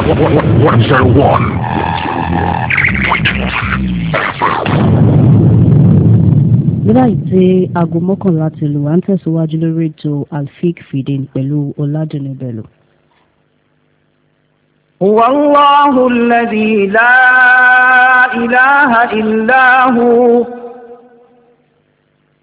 nígbà tí aago mọ́kànlá ti lù wá ń tẹ̀síwájú lórí ètò alfik fìdín pẹ̀lú ọ̀làdùnú bẹ̀lú. هو الله الذي لا إله إلا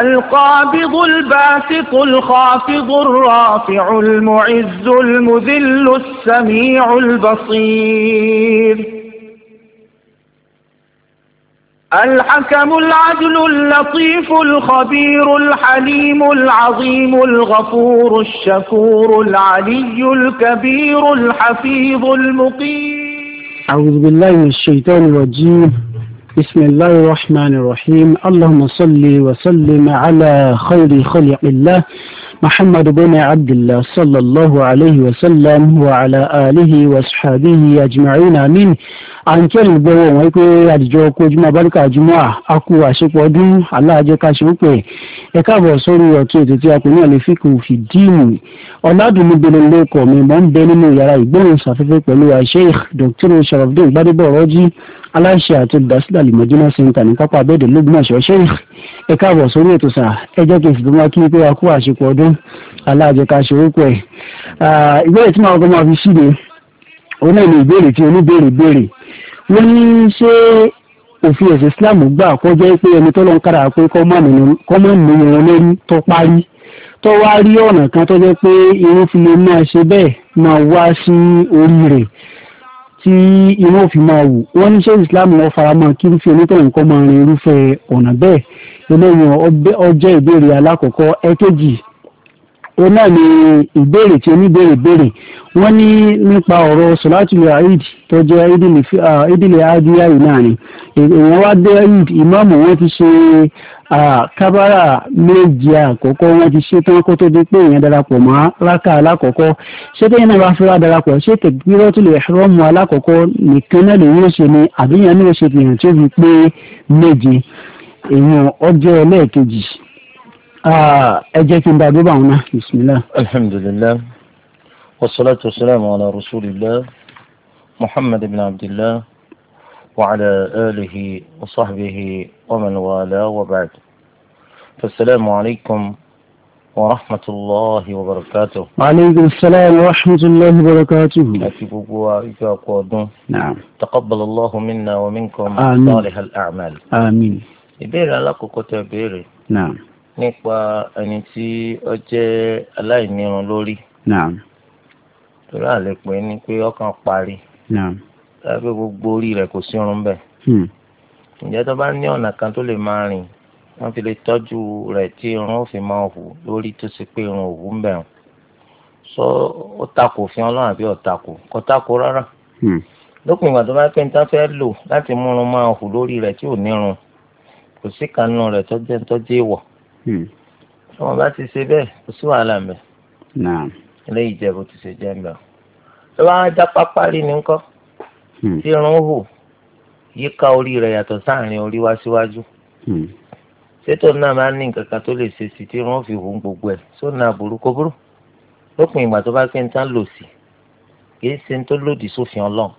القابض الباسط الخافض الرافع المعز المذل السميع البصير الحكم العدل اللطيف الخبير الحليم العظيم الغفور الشكور العلي الكبير الحفيظ المقيم أعوذ بالله من الشيطان الرجيم بسم الله الرحمن الرحيم اللهم صل وسلم على خير خلق الله محمد بن عبد الله صلى الله عليه وسلم وعلى آله واصحابه أجمعين آمين à ń kẹ́lì gbọ́wọ́ wọn pé àdìjọ ọkọ̀ ojúmọ́ abáríkà ojúmọ́ a kú àṣepọ̀ ọdún aláàjẹ káṣí ó pè ẹ káàbọ̀ sórí ọ̀tún ètò tí a pè ní àlefíkù fìdíìmù ọ̀làdùnúbele lóko mi mọ̀ ń bẹ nínú yàrá ìgbóhùnsáfẹ́fẹ́ pẹ̀lú Sheikh Dr. Sharafdin Gbadebo Ọ̀rọ́jì aláṣẹ àti olùdásílẹ̀ alimọ̀jìnà center ní pápá abẹ́ẹ̀dẹ̀ lógúnmọ̀ṣọ́ Sheikh ẹ káàbọ̀ sórí ètò sà ẹ jẹ́ kí n sì tó máa kí pé a kú àṣepọ̀ ọdún aláàjẹ káṣí ó pè ìgbẹ́rẹ̀ tí màá kọ́ máa fi síde òun náà ni ìbéèrè tí oníbèrè béèrè wọ́n ní ṣé òfin ẹ̀sìn Islam gbà kó jẹ́ pé ẹni tó lọ ń kára pé kọ́mọ̀nù irun lórí tó parí tó wá rí ọ̀nà kan tó jẹ́ pé irun fi lè máa ṣe bẹ́ẹ̀ máa wá sí orí rẹ̀ tí irun fi máa wù wọ́n ní ṣé Islam wọn fara mọ́ kí n fi onítọ̀hún kọ́ máa rin irúfẹ́ ọ̀nà bẹ́ẹ̀ eléyìí ọjẹ́ ìbéèrè alákọ̀ọ́kọ́ ẹ̀kejì ona ni ìbéèrè tí oníbéèrè béèrè wọ́n ní nípa ọ̀rọ̀ sọ̀látùlù aid tó jẹ́ ìdílé adúyà náà ni èèyàn wá dé aid ìmáàmù wọn ti ṣe kábàrà méje àkọ́kọ́ wọn ti ṣe tán kó tó di pé èèyàn darapọ̀ mọ́ ṣé náà bá fi wá darapọ̀ ṣé tẹ̀gbírọ́tùlù ẹ̀rọ́mù alákọ̀ọ́kọ́ nìkan náà ní oṣù fi pé méje آه، اجيك بعد بعونا بسم الله الحمد لله والصلاة والسلام على رسول الله محمد بن عبد الله وعلى آله وصحبه ومن والاه وبعد فالسلام عليكم ورحمة الله وبركاته وعليكم السلام ورحمة الله وبركاته نعم تقبل الله منا ومنكم آمين. صالح الأعمال آمين إبير لك كتابيري نعم nípa ẹni tí ó jẹ́ aláìnírun lórí. torí àlẹ́ pé ni pé ọkàn parí. lábẹ́ gbogbo orí rẹ̀ kò sí irun bẹ́ẹ̀. Hmm. ǹjẹ́ tó bá ní ọ̀nà kan tó lè máa rìn wọ́n fi lè tọ́jú rẹ̀ tí irun ó fi máa hù lórí tó ṣe pé irun òwú ń bẹ̀rùn. sọ ó takò fún ọlọ́run àbí ọ̀takò kò takò rárá. Hmm. lópin ìgbà tó bá pé níta fẹ́ lò láti múrun máa hù lórí rẹ̀ tí ò nírun kò sí kanú rẹ̀ tọ́jú tọ́jú ìwọ̀. Hmm. tí wọ́n bá ti ṣe bẹ́ẹ̀ kò sí wàhálà mẹ́. eléyìí jẹ́ bó ti ṣe jẹ́ mẹ́ o. tó bá ń já pápárí ní kọ́ hmm. tí irun hù yíká orí rẹ̀ yàtọ̀ sáàrin orí wá síwájú. sétò hmm. náà máa ń ní nǹkan kan tó lè ṣe sí tí irun fi hù gbogbo ẹ̀ sóòna àbúrú kó burú lópin ìgbà tó bá pé ń tán lò sí kìí ṣe ń tó lòdì sófin ọlọ́run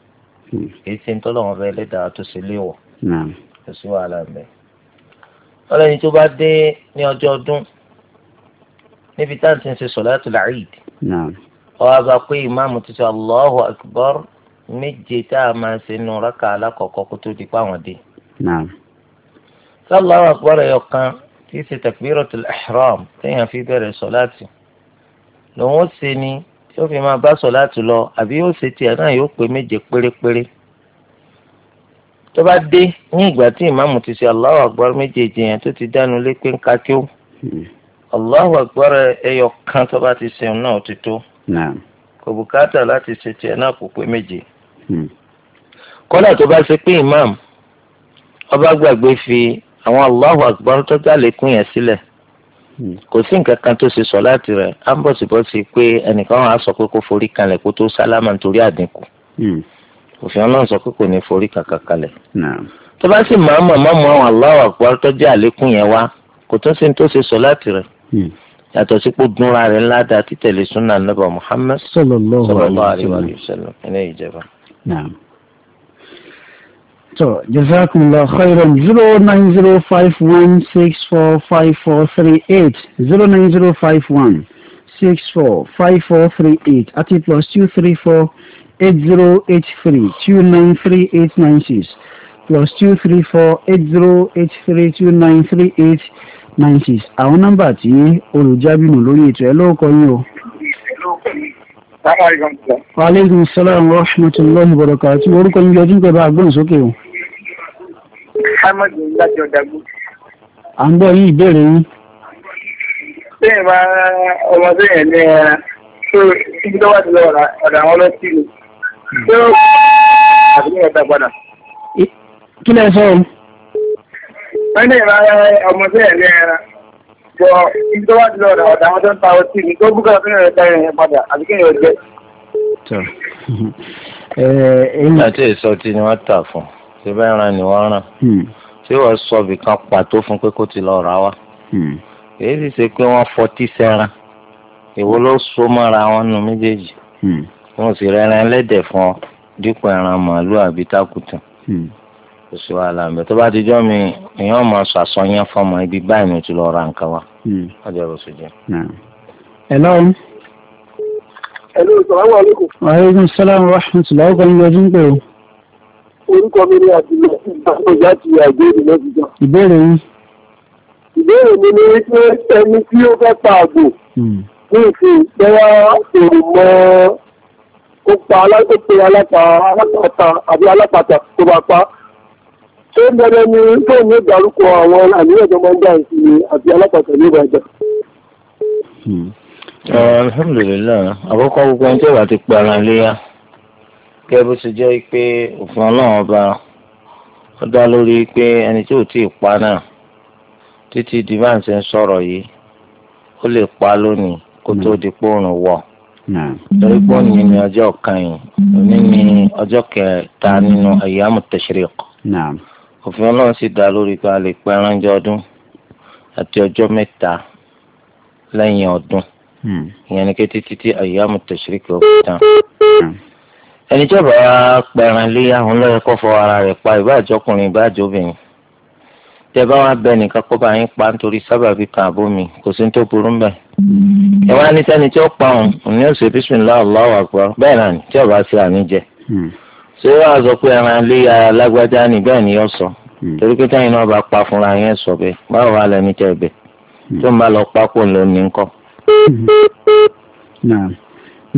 kìí ṣe ń tó lọ́wọ́ fẹ́ lẹ́dàá tó ṣe léwọ̀ kò sí wàhálà mẹ́ ọlọ́ni tó bá dé ní ọjọ́ ọdún níbi táwọn ti ń ṣe sọ̀láàtùl Eid ọ̀hún àgbà pé ìmáàmù ti sọ Allahu Akbar méje tá a máa ṣe nu rákà alákọ̀ọ́kọ́ kó tó di páwọn dé. Allahu Akbar ẹ̀yọ kan tí í ṣe takbiratul ihram téèyàn fi bẹ̀rẹ̀ sọ̀láàtì lòun ó ṣe ni tí ó fi máa bá sọ̀láàtì lọ àbí yóò ṣe tiẹ̀ náà yóò pé méje pérépéré tó bá dé ní ìgbà tí ìmáàmù ti ṣe Allahu Akbar méjèèjì yẹn tó ti dánu lé pé ń ka kí ó hmm. Allahu Akbar ẹyọ kan tó bá ti ṣeun náà ti tó kò bùkátà láti ṣe tiẹ̀ náà kò pé méje hmm. kódà tó bá ṣe pé ìmáàmù ọba gbàgbé fi àwọn Allahu Akbar tó já lékún yẹn sílẹ̀ hmm. kò sí nǹkan kan tó ṣe sọ láti rẹ̀ á ń bọ̀sibọ́sí pé ẹnìkan á sọ pé kó forí kanlẹ̀ kó tó sálámà nítorí àdínkù òfin ọlọ́run sọ pé kò ní forí kàkà kalẹ̀. tó bá sì máa mọ̀ mọ́mọ́ àwọn aláwọ̀ àpò tó jẹ́ àlékún yẹn wá kò tún sí ní tó ṣe sọ láti rẹ̀. Hmm. yàtọ̀ sí dúnra rẹ̀ ńlá da títẹ̀lé súnà nàbà Muhammad sallallahu alaihi wa sallam ẹ̀ná ìjẹba. tó jazakumullahu khairan zero nine zero five one six four five four three eight zero nine zero five one six four five four three eight àti plus two three four eight zero eight three two nine three eight nine six plus two three four eight zero eight three two nine three eight nine six àwọn nọ́mbà tí olùjábìnú lórí ètò ẹ lóòkọ yín o. aleykum salaam wa rahmatulahi wa barakati orúkọ yín yọjú pé bá a gbóhùn sókè o. ahmed láti ọ̀dàgbò. à ń bọ̀ yín ìbéèrè yín. bẹ́ẹ̀ máa ọmọdé yẹn ní ẹran tó ibi tó wà sí ọ̀dà àwọn ọlọ́tí ni. kí lẹ́ sọ wọ́n ní ìlànà ọmọ ẹ̀rí ẹran jọ ibi tó wá ti ọ̀dà àwọn ta ọtí ni tó búkọ̀ fún ẹ̀rọ ẹ̀rọ yẹn padà àbí kí ẹ̀rọ jẹ. nígbà tí èso ti ni wọ́n tà fún ṣé bẹ́ẹ̀ ran ni wọ́n ràn tí wọ́n sọ ibìkan pàtó fún pé kò ti lọ rà wá èyí sì ṣe pé hmm. wọ́n fọtí sẹ́ran ìwo ló so mọ́ra wọn nù méjèèjì. wọn ò sì rẹran ẹlẹ́dẹ̀ fún ọ dípò ẹran màálù àbí tákùtà hmm. kò sí wàhálà bá ti jọ mi èèyàn fọmọ ibi báyìí ni o ti lọ ra nǹkan hmm. wa wọn jẹ jẹ. aleykum. aleykum salaam wa rahmatulah ní ọdún pé o. orúkọ mi ni àtìlẹ́ ti ìbéèrè ìbéèrè mi ni wípé ẹni tí ó fẹ́ pa àgbò hmm. ní ó pa ó pe alápàtà àbí alápàtà tó bá pa tó ń bẹ̀rẹ̀ ní tó ní ìdárúkọ àwọn àníyàn tó máa ń dá ìsinmi àti alápàtà ní ìbàjẹ́. Hmm. alhamdulilayi àkọ́kọ́ gbogbo ẹni tí wàá ti pa ara léyà kẹ́ bó ṣe jẹ́ pé òfin ọlọ́run ọba ó dá lórí pé ẹni tí ò tí pa náà títí divan ṣe ń sọ̀rọ̀ yìí ó lè pa lónìí kó di Mm-hmm. torí pé òní ni ọjọ́ kan yìí mm-hmm. òní ni ọjọ́ kẹta nínú ayyamu tashriq. òfin ọlọ́run sì dá lórí pé a lè pẹ́ ọdún àti ọjọ́ mẹ́ta lẹ́yìn ọdún mm. ìyẹn ni pé títí tí tán. Mm. ẹni tí ọba pẹ̀ràn lé àwọn kọ́ fọ ara rẹ̀ pa pa nítorí sábàbí kan àbómi kò ẹ wá ní sẹ́ni tí ó pa òun òun yóò ṣe bísímìlá ọ̀làwà pa bẹ́ẹ̀ náà tí ọba ṣe àní jẹ. Hmm. ṣé wàá sọ pé ẹran lé alágbájá ni bẹ́ẹ̀ ni yóò sọ hmm. torí pé táyìn náà bá pa fúnra yẹn sọ bẹ́ẹ̀ báwo wà lẹ́ni tẹ́ ẹ bẹ̀ hmm. tó ń bá lọ pákó lónìí ńkọ́.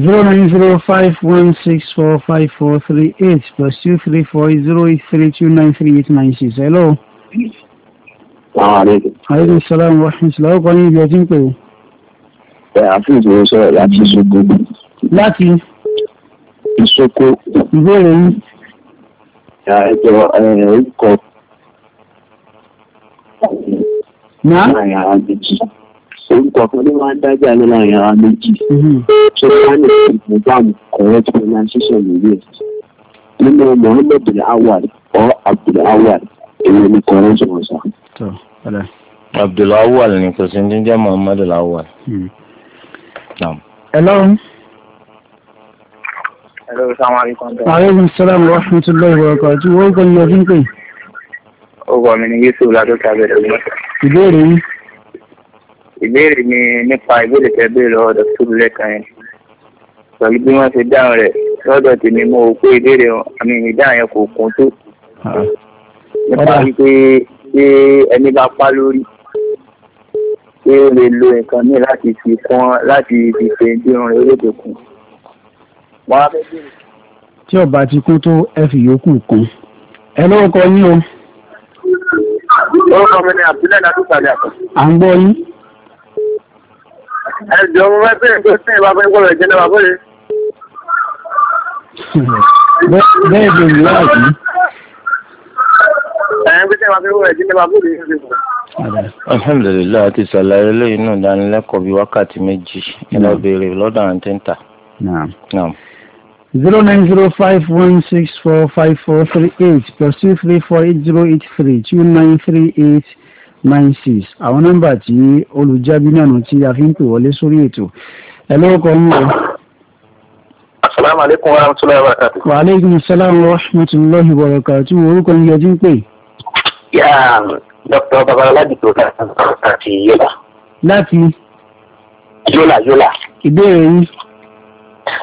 zero nine zero five one six four five four three eight plus two three four zero eight three two nine three eight nine six hello. aleykum salaam wa rahmatulah ọkọ yín ibi ọtí ń pè é àfihàn ìṣòro sọ̀rọ̀ láti ìṣoko. láti. ìṣoko. ìbéèrè yín. àjọ orúkọ. náà. orúkọ kan ló máa ń dájà mhm. ní láàrin ara méjì. tó bá ní ìfowópamọ́ correct pronunciation lórí ẹ̀. nínú mohammed awal or abdul awal èyí ni correct wọn sọ. abdul awal ni kò sí ní jẹ́ mohammed awal. Hmm. Hello. Hello, salaam alaikum. Aleykum salaam wa rahmatullahi wa barakatuh. Wọ́n kọ́ ní ọdún pé. Ó wọ̀ mí ní Yusuf Ládọ́ta bẹ̀rẹ̀ mi. Ìbéèrè mi. Ìbéèrè mi nípa ìbéèrè tẹ́ béèrè lọ́wọ́ Dr. Lẹ́kan yẹn. Pẹ̀lú bí wọ́n ṣe dáhùn rẹ̀ lọ́dọ̀ tèmi mo rò pé ìbéèrè àmì ìdáhùn yẹn kò kún tó. Ah. Nípa wípé ṣé ẹni bá pa lórí pé o lè lo nǹkan míì láti fi kún láti fi ṣe dírun eré tó kù. tí ọba ti kún tó ẹ fi yòókù kún ẹ lórúkọ yín o. orúkọ mi ni abdulai láti sàlẹ̀ àpò. à ń gbọ́ yín. ẹ jọ̀ọ́ mo fẹ́ bẹ̀rẹ̀ tó sí ìwà fún ìgbọ́lọ̀ ìjẹ́lẹ̀ wà bóyá. bẹ́ẹ̀ bẹ̀rẹ̀ láàbí. ẹ̀ ń bí sẹ́wà fún ìgbọ́lọ̀ ìjẹ́lẹ̀ wà bóyá alhamdulilayi àti sàlàyé lẹ́yìn náà dánilẹ́kọ̀ọ́ bíi wákàtí méjì ẹ̀rọ béèrè lọ́dọ̀ àwọn tí ń tà. zero nine zero five one six four five four three eight plus two three four eight zero eight three two nine three eight nine six àwọn nọ́mbà tí olùjábí náà nù tí a fi ń pè wọlé sórí ètò ẹ lórúkọ ń lọ. asalaamualeykum wa rahmatulahi wa barakatu. wa aleykum salaam wa rahmatulahi wa barakatu orúkọ ń yọjú ń pè dr babalọlá dìgbò láti yola. láti. yọlá yola ìbéèrè yìí.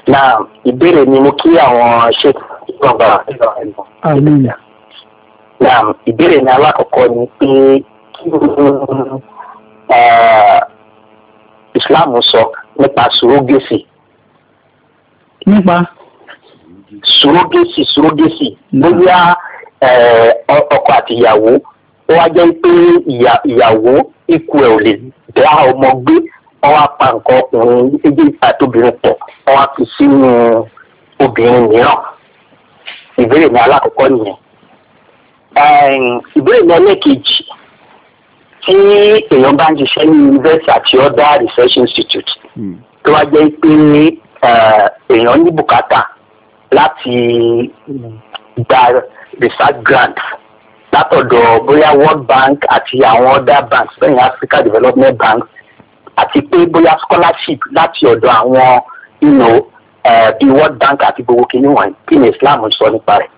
na ìbéèrè mi ni kí àwọn ṣètò ìjọba ìjọba. àmín. na ìbéèrè mi alákọ̀ọ́kọ́ ni pé kí ni islam sọ nípa surrogacy. nípa. surrogacy surrogacy bóyá ọkọ àti ìyàwó ó wá jẹ́ pé ìyàwó ikú ẹ̀ ò lè dá ọmọ gbé wọ́n wá pa nǹkan ọkùnrin méjèèjì àtòbìnrin pọ̀ wọ́n wá fi sínú obìnrin mìíràn ìbéèrè mi alákọ̀ọ́kọ́ nìyẹn. ìbéèrè mi ẹlẹ́ẹ̀kejì tí èèyàn bá ń ṣiṣẹ́ ní university àti other research institute hmm. tó wá jẹ́ pé èèyàn ní bùkátà láti gba research grant látọ̀dọ̀ bóyá World Bank àti àwọn other banks lẹ́yìn Africa Development Bank àti pé bóyá scholarship láti ọ̀dọ̀ àwọn you know, uh, eh, bíi World Bank àti gbogbo kìíní wọ̀nyí kí ni Islam sọ nípa rẹ̀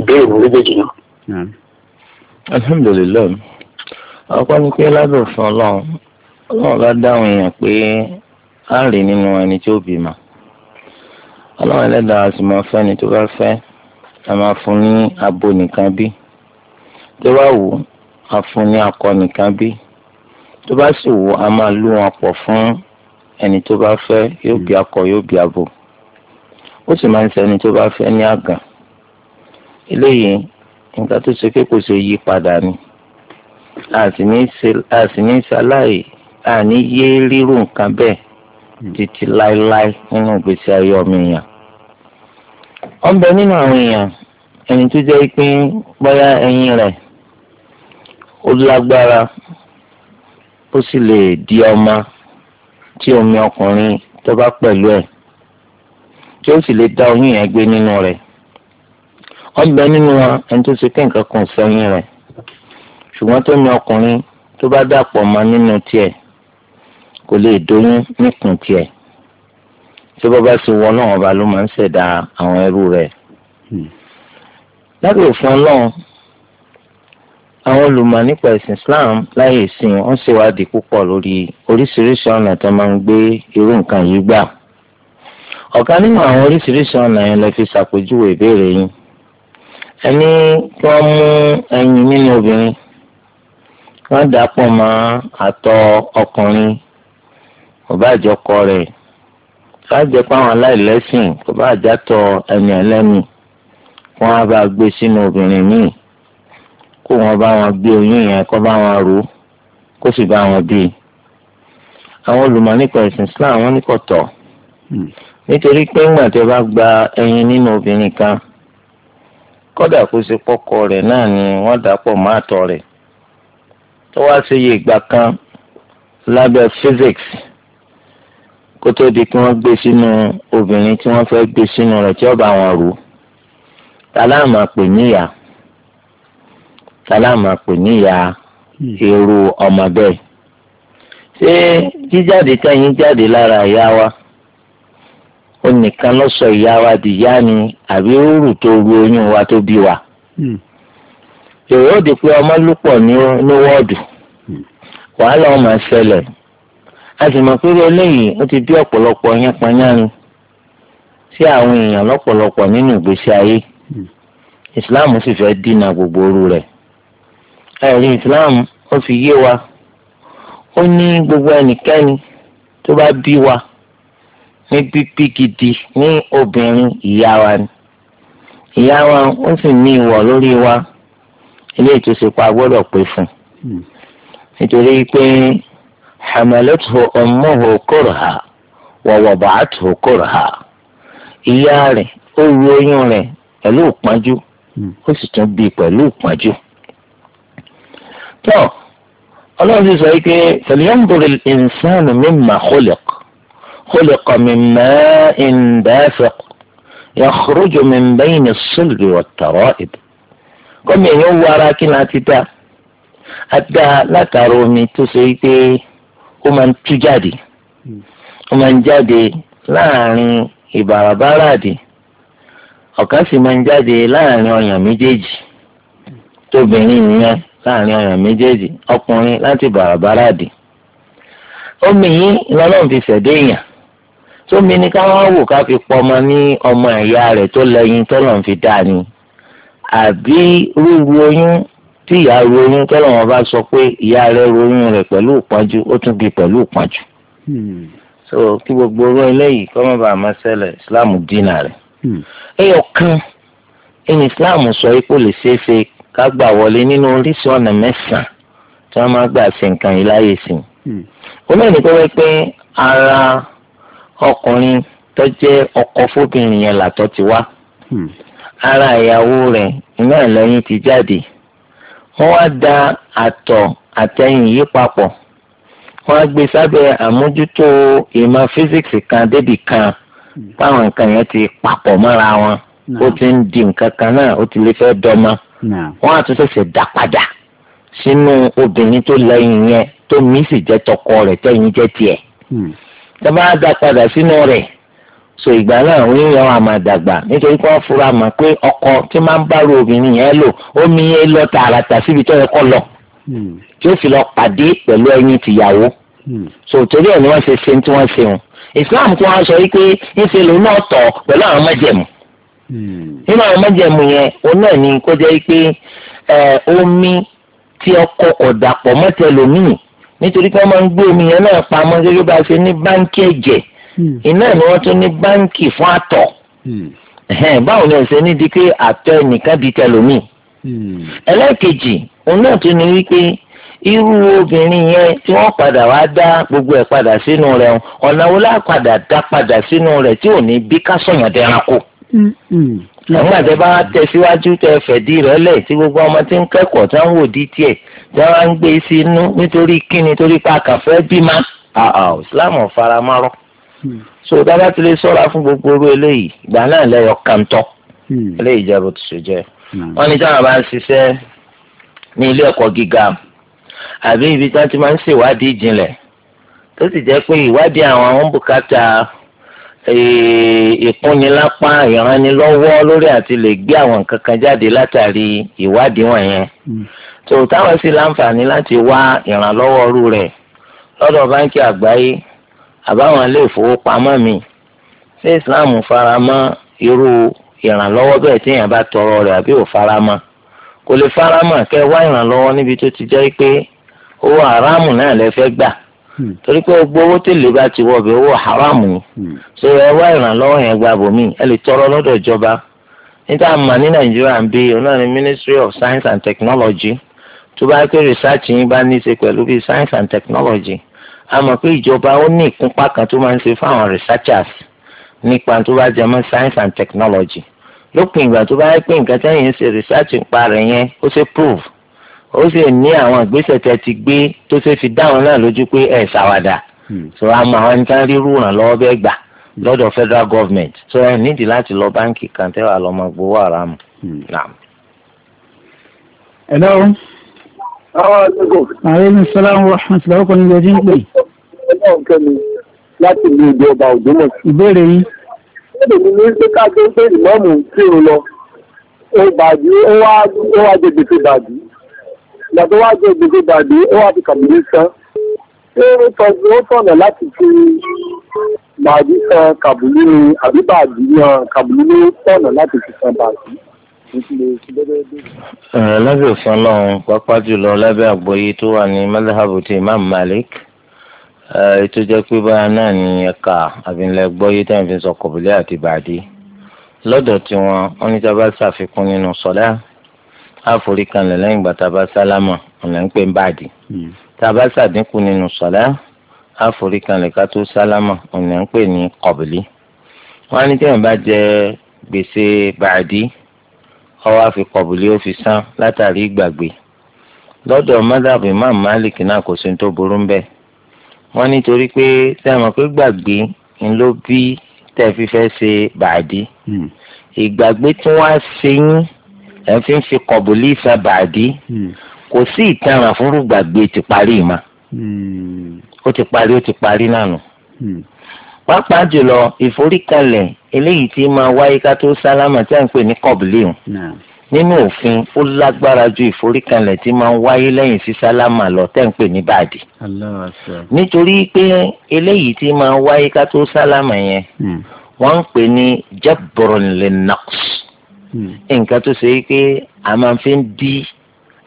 ìbéèrè mi méjèèjì náà. alhamdulilayi ọ̀pọ̀ ni pé lábẹ́ òfin ọlọ́run ọlọ́run bá dáhùn èèyàn pé á rí nínú ẹni tí ó bímọ ọlọ́run ẹlẹ́dàá sì máa fẹ́ ni tó bá fẹ́ a máa fún ní abo nìkan bíi tẹ wá wò àfúnni bí tó bá sì a wọn pọ̀ fún ẹni tó bá fẹ́ yóò bí abo ó sì máa ń tó bá fẹ́ ní àgàn eléyìí nǹkan tó ṣe pé kò ṣe yí padà ni ṣaláì yé nǹkan bẹ́ẹ̀ títí láéláé nínú ìgbésí ayé ọmọ èèyàn nínú àwọn èèyàn ẹni tó ó lágbára ó sì lè di ọmọ tí omi ọkùnrin tó bá pẹ̀lú ẹ̀ tí ó sì lè dá oyún yẹn gbé nínú rẹ̀ ọgbẹ́ nínú wọn ẹni tó ṣe pé nǹkan kan sẹ́yìn rẹ̀ ṣùgbọ́n tó ní ọkùnrin tó bá dàpọ̀ mọ́ nínú tiẹ̀ kò lè dóyún níkùn tiẹ̀ tí bàbá ṣe wọ ọba ló máa ń ṣẹ̀dá àwọn ẹrú rẹ̀ hmm. lábẹ́ òfin ọlọ́run àwọn olùmọ̀ nípa ẹ̀sìn Islam láyè ìsìn wọ́n ṣèwádìí púpọ̀ lórí oríṣiríṣi ọ̀nà tó máa ń gbé irú nǹkan yìí gbà. ọ̀kan nínú àwọn oríṣiríṣi ọ̀nà yẹn lè fi ṣàpèjúwe ìbéèrè yín. ẹni tí wọ́n mú ẹyin nínú obìnrin wọ́n dà pọ̀ mọ́ àtọ̀ ọkùnrin kò bá àjọkọ rẹ̀ bá jẹ́ àwọn aláìlẹ́sìn kò ẹni ẹlẹ́ni wọ́n á bá gbé sínú obìnrin míì kó wọn bá wọn bí oyún yẹn kó bá wọn rò ó kó sì bá wọn bí i. àwọn olùmọ̀ nípa ẹ̀sìn Islam wọn ní kò tọ́ hmm. nítorí pé ńgbà tí ó bá gba ẹyin nínú obìnrin kan kódà kó ṣe pọ́kọ rẹ̀ náà ni wọ́n dà pọ̀ mọ́ àtọ̀ rẹ̀ tó wá sí iye ìgbà kan lábẹ́ physics kó tó di kí wọ́n gbé sínú obìnrin tí wọ́n fẹ́ gbé sínú rẹ̀ tí ó bá wọn rò ó tàlámà pè níyà sálámà pè níyà irú ọmọ bẹ́ẹ̀ ṣé jíjáde tẹ̀yìn jáde lára ìyá wa ó nìkan ló sọ ìyá wa di ìyá ni àbí rúrù tó ru oyún wa tó bí wa hmm. èrò òdì pé ọmọ lúpọ̀ ní wọ́ọ̀dù wàhálà ọmọ ṣẹlẹ̀ a sì mọ̀ pé eléyìí ó ti bí ọ̀pọ̀lọpọ̀ yẹn panyánu sí àwọn èèyàn lọ́pọ̀lọpọ̀ nínú ìgbésí ayé hmm. ìsìláàmù sì fẹ́ dínà gbogbo òru rẹ̀ ẹ̀rí islam ó fi yé wa ó ní gbogbo ẹnikẹ́ni tó bá bí wa ní pípí gidi ní obìnrin ìyá wa ni ìyá wa ó sì ní ìwọ̀ lórí wa ilé ìtòsípa gbọ́dọ̀ pé fún un nítorí pé hamalathu ummuhu kurha wa wada'athu kurha ìyá rẹ̀ ó ru oyún rẹ̀ pẹ̀lú ìpọ́njú ó sì tún bí pẹ̀lú ìpọ́njú. لا الله عزيز هيك فلينظر الإنسان مما خلق خلق من ماء دافق يخرج من بين الصلب والترائب قم يهو راكنا تتا أدى لا تروني تسيتي ومن تجادي ومن جادي لا يعني إبارة بارادي وكاسي من جادي لا يعني ميجيجي تبيني láàrin ọyàn méjèèjì ọkùnrin láti bàràbàrà dì omi yìí lọ́lọ́run fi ṣẹ̀dé èèyàn tómi ní ká wọ́n wò ká fi pọmọ ní ọmọ ẹ̀yà rẹ̀ tó lẹ́yìn tọ́lọ́run fi dá ni àbí rúru oyún tí ìyá ru oyún tọ́lọ́run bá sọ pé ìyá rẹ̀ ru oyún rẹ̀ pẹ̀lú ìpọ́njú ó tún bí pẹ̀lú ìpọ́njú. Hmm. so kí gbogbo oró eléyìí kọ́ mọ́ bá a máa ṣẹlẹ̀ islam dínà rẹ̀. Hmm. ẹyọ kan ẹni islam sọ ipò lè ṣeé ṣe ká gbà wọlé nínú oríṣi ọ̀nà mẹ́sàn-án tí wọ́n máa gbà ṣe nǹkan yìí láyè sí. Hmm. ó náà ní pé wọ́n pé ara ọkùnrin tó jẹ́ ọkọ fóbìnrin yẹn làtọ̀ ti wá hmm. ara ìyàwó rẹ̀ iná ìlẹ́yìn ti jáde wọ́n wá da àtọ̀ àtẹ̀yìn yìí papọ̀ wọ́n á gbé sábẹ́ àmójútó ìmọ̀ físíkì kan débì kan hmm. táwọn nǹkan yẹn ti papọ̀ mọ́ra wọn ó ti ń di nǹkan kan náà ó ti lè fẹ́ dọ́mọ́ wọ́n á tún ṣẹ̀ṣẹ̀ dá padà sínú obìnrin tó lẹ́yìn yẹn tó mí sì jẹ́ tọkọ rẹ̀ tẹ́yìn jẹ́ tiẹ̀ hmm. tó bá dá padà sínú rẹ̀ so ìgbà náà òun yẹn wà máa dàgbà nítorí pé wọ́n fura mọ̀ pé ọkọ tí máa ń bárò obìnrin yẹn lò ó mi yẹn lọ tààràtà síbi tó yẹ kọ́ lọ hmm. tí ó fi lọ pàdé pẹ̀lú ẹyin tìyàwó hmm. so torí ẹ̀ ni wọ́n ṣe ṣe tí wọ́n ṣe wọn Islam tí wọ́n sọ wípé ńṣe lòun náà tọ̀ pẹ̀lú àwọn mẹ́jẹ̀mú nínú àwọn májẹ̀mú yẹn òun náà ní kó jẹ́ pé omi tí nítorí pé wọ́n máa ń gbé omi yẹn náà pamọ́ gẹ́gẹ́ bá a ṣe ní báńkì ẹ̀jẹ̀ hmm. iná ni wọ́n tún ní báńkì fún àtọ̀ hmm. báwo ni ẹ̀sẹ̀ ní di pé àtọ̀ ẹnìkan di tẹlómìn hmm. ẹlẹ́ẹ̀kejì òun náà tún ní wípé irú obìnrin yẹn tí wọ́n gbogbo ẹ̀ padà sínú rẹ̀ ọ̀nà wo láà padà dá padà sínú rẹ̀ tí ò ní nígbà tẹ bá tẹ̀síwájú tẹ fẹ̀dí rẹ lẹ̀ tí gbogbo ọmọ tí ń kẹ́kọ̀ọ́ tí wọ́n wò di tiẹ̀ tí wọ́n ń gbé sínú nítorí kíni torí pa kàfẹ́ bímá islam ọ̀faramárọ́ hmm. so dábàá ti lè sọ́ra fún gbogbo orú eléyìí ìgbà náà lẹ́yọ̀ kàńtọ́ hmm. eléyìí jẹ́ bó ti ṣe jẹ́ hmm. wọ́n ní táwọn bá ń ṣiṣẹ́ ní ilé ẹ̀kọ́ gíga àbí ibi tí wọ́n ti máa ń ṣèwádìí ìjìnlẹ̀ tó sì jẹ́ pé ìwádìí àwọn àwọn bùkátà ìkúnnilápá ìrànilọ́wọ́ lórí àti lè gbé àwọn nǹkan kan jáde látàrí ìwádìí wọ̀nyẹn. tó hmm. táwọn sì láǹfààní láti wá ìrànlọ́wọ́ rú rẹ̀ lọ́dọ̀ báńkì àgbáyé àbáwọn ilé ìfowópamọ́ mi ṣé Islam fara mọ́ irú ìrànlọ́wọ́ bẹ́ẹ̀ tí èèyàn bá tọrọ rẹ̀ àbí ò fara mọ́ kò lè fara mọ́ kẹ́ wá ìrànlọ́wọ́ níbi tó ti jẹ́ pé owó haramu náà lè fẹ́ gbà Hmm. torí pé gbogbo owó tèlé bá ti wọ ọbẹ̀ owó haramu hmm. so ẹ wá ìrànlọ́wọ́ yẹn gba bòmí ẹ lè tọrọ lọ́dọ̀ ìjọba níta mà ní nàìjíríà ń bí ọ̀nà ní ministry of science and technology tó bá pé research yín bá ní í ṣe pẹ̀lú bí science and technology a mọ̀ pé ìjọba ó ní ìkúnpá kan tó máa ń ṣe fáwọn researchers nípa tó bá jẹ science and technology lópin ìgbà tó bá pé nǹkan tẹ́yìn ń ṣe research ń parẹ́ yẹn ó ṣe prove ó sì ní àwọn ìgbésẹ̀ tẹ́ ti gbé tó ṣe fi dá náà lójú pé ẹ̀ ṣàwádà hmm. so àmọ́ àwọn ẹni tán rírú ìrànlọ́wọ́ bẹ́ẹ̀ gbà lọ́dọ̀ federal government so ẹ nídìí láti lọ báńkì kan tẹ́ wà lọ́mọ gbowó hmm. hello. aleykum salaam wa rahmatulah ọkọ ní ìgbẹ́jì ń pè. láti ní ìdí ìbéèrè yín. ìbéèrè mi ní pé ká tó pé ìmọ̀ọ́mù lọ ó ó wá ó wá ìgbà tó wá jẹ́ gbogbo ìbàdí ó wà fi kàmílí san ṣé ó tọ́jú ó sọ̀nà láti fi bàdí san kàbùlí ni àbí bàdí yan kàbùlí ni ó sọ̀nà láti fi san bàdí lábẹ́ òfin ọlọ́run pápá jùlọ lábẹ́ àgbọ́yé tó wà ní madhabu ti imam malik ètò jẹ́ pé báyà náà ní ẹ̀ka àbínlẹ̀ gbọ́yé tí wọ́n fi sọ kọ̀bílẹ̀ àti bàdí lọ́dọ̀ tiwọn wọ́n ní ṣàfikún nínú sọ́lá àforí kanlẹ̀ lẹ́yìn ìgbà tá a bá sálámà ọ̀nà ń pè ń bàdí hmm. tá a bá sàdínkù nínú sọ̀lá àforí kanlẹ̀ ká tó sálámà ọ̀nà ń pè ní kọ̀bìlì wọ́n á ní tẹ́yìn bá jẹ gbèsè bàdí ọwọ́ àfi kọ̀bìlì ó fi san látàrí ìgbàgbé lọ́dọ̀ mọ́dàbí Imam Malik náà kò sí tó burú ń bẹ̀ wọ́n nítorí pé sẹ́wọ̀n pé gbàgbé ń ló bí tẹ́ fífẹ́ ṣe bàdí hmm. ìgbàgbé tí wọ́n á ẹ fi ń fi kọ̀bùlì sábàdí hmm. kò sí ìtanràn fún rúgbàgbé ti parí ìmọ̀ hmm. ó ti parí ó ti parí nànú. Hmm. pàápàá jùlọ ìforíkalẹ̀ eléyìí tí máa wáyé ká tó sálámà tí à ń pè ní kọ̀bùlì hùn nínú òfin ó lágbára ju ìforíkalẹ̀ tí máa ń wáyé lẹ́yìn sí sálámà lọ tẹ́ ń pè ní bàdì. nítorí pé eléyìí tí máa wáyé ká tó sálámà yẹn wọ́n ń pè ní jabron lennox nǹkan tó ṣe pé a máa fi ń di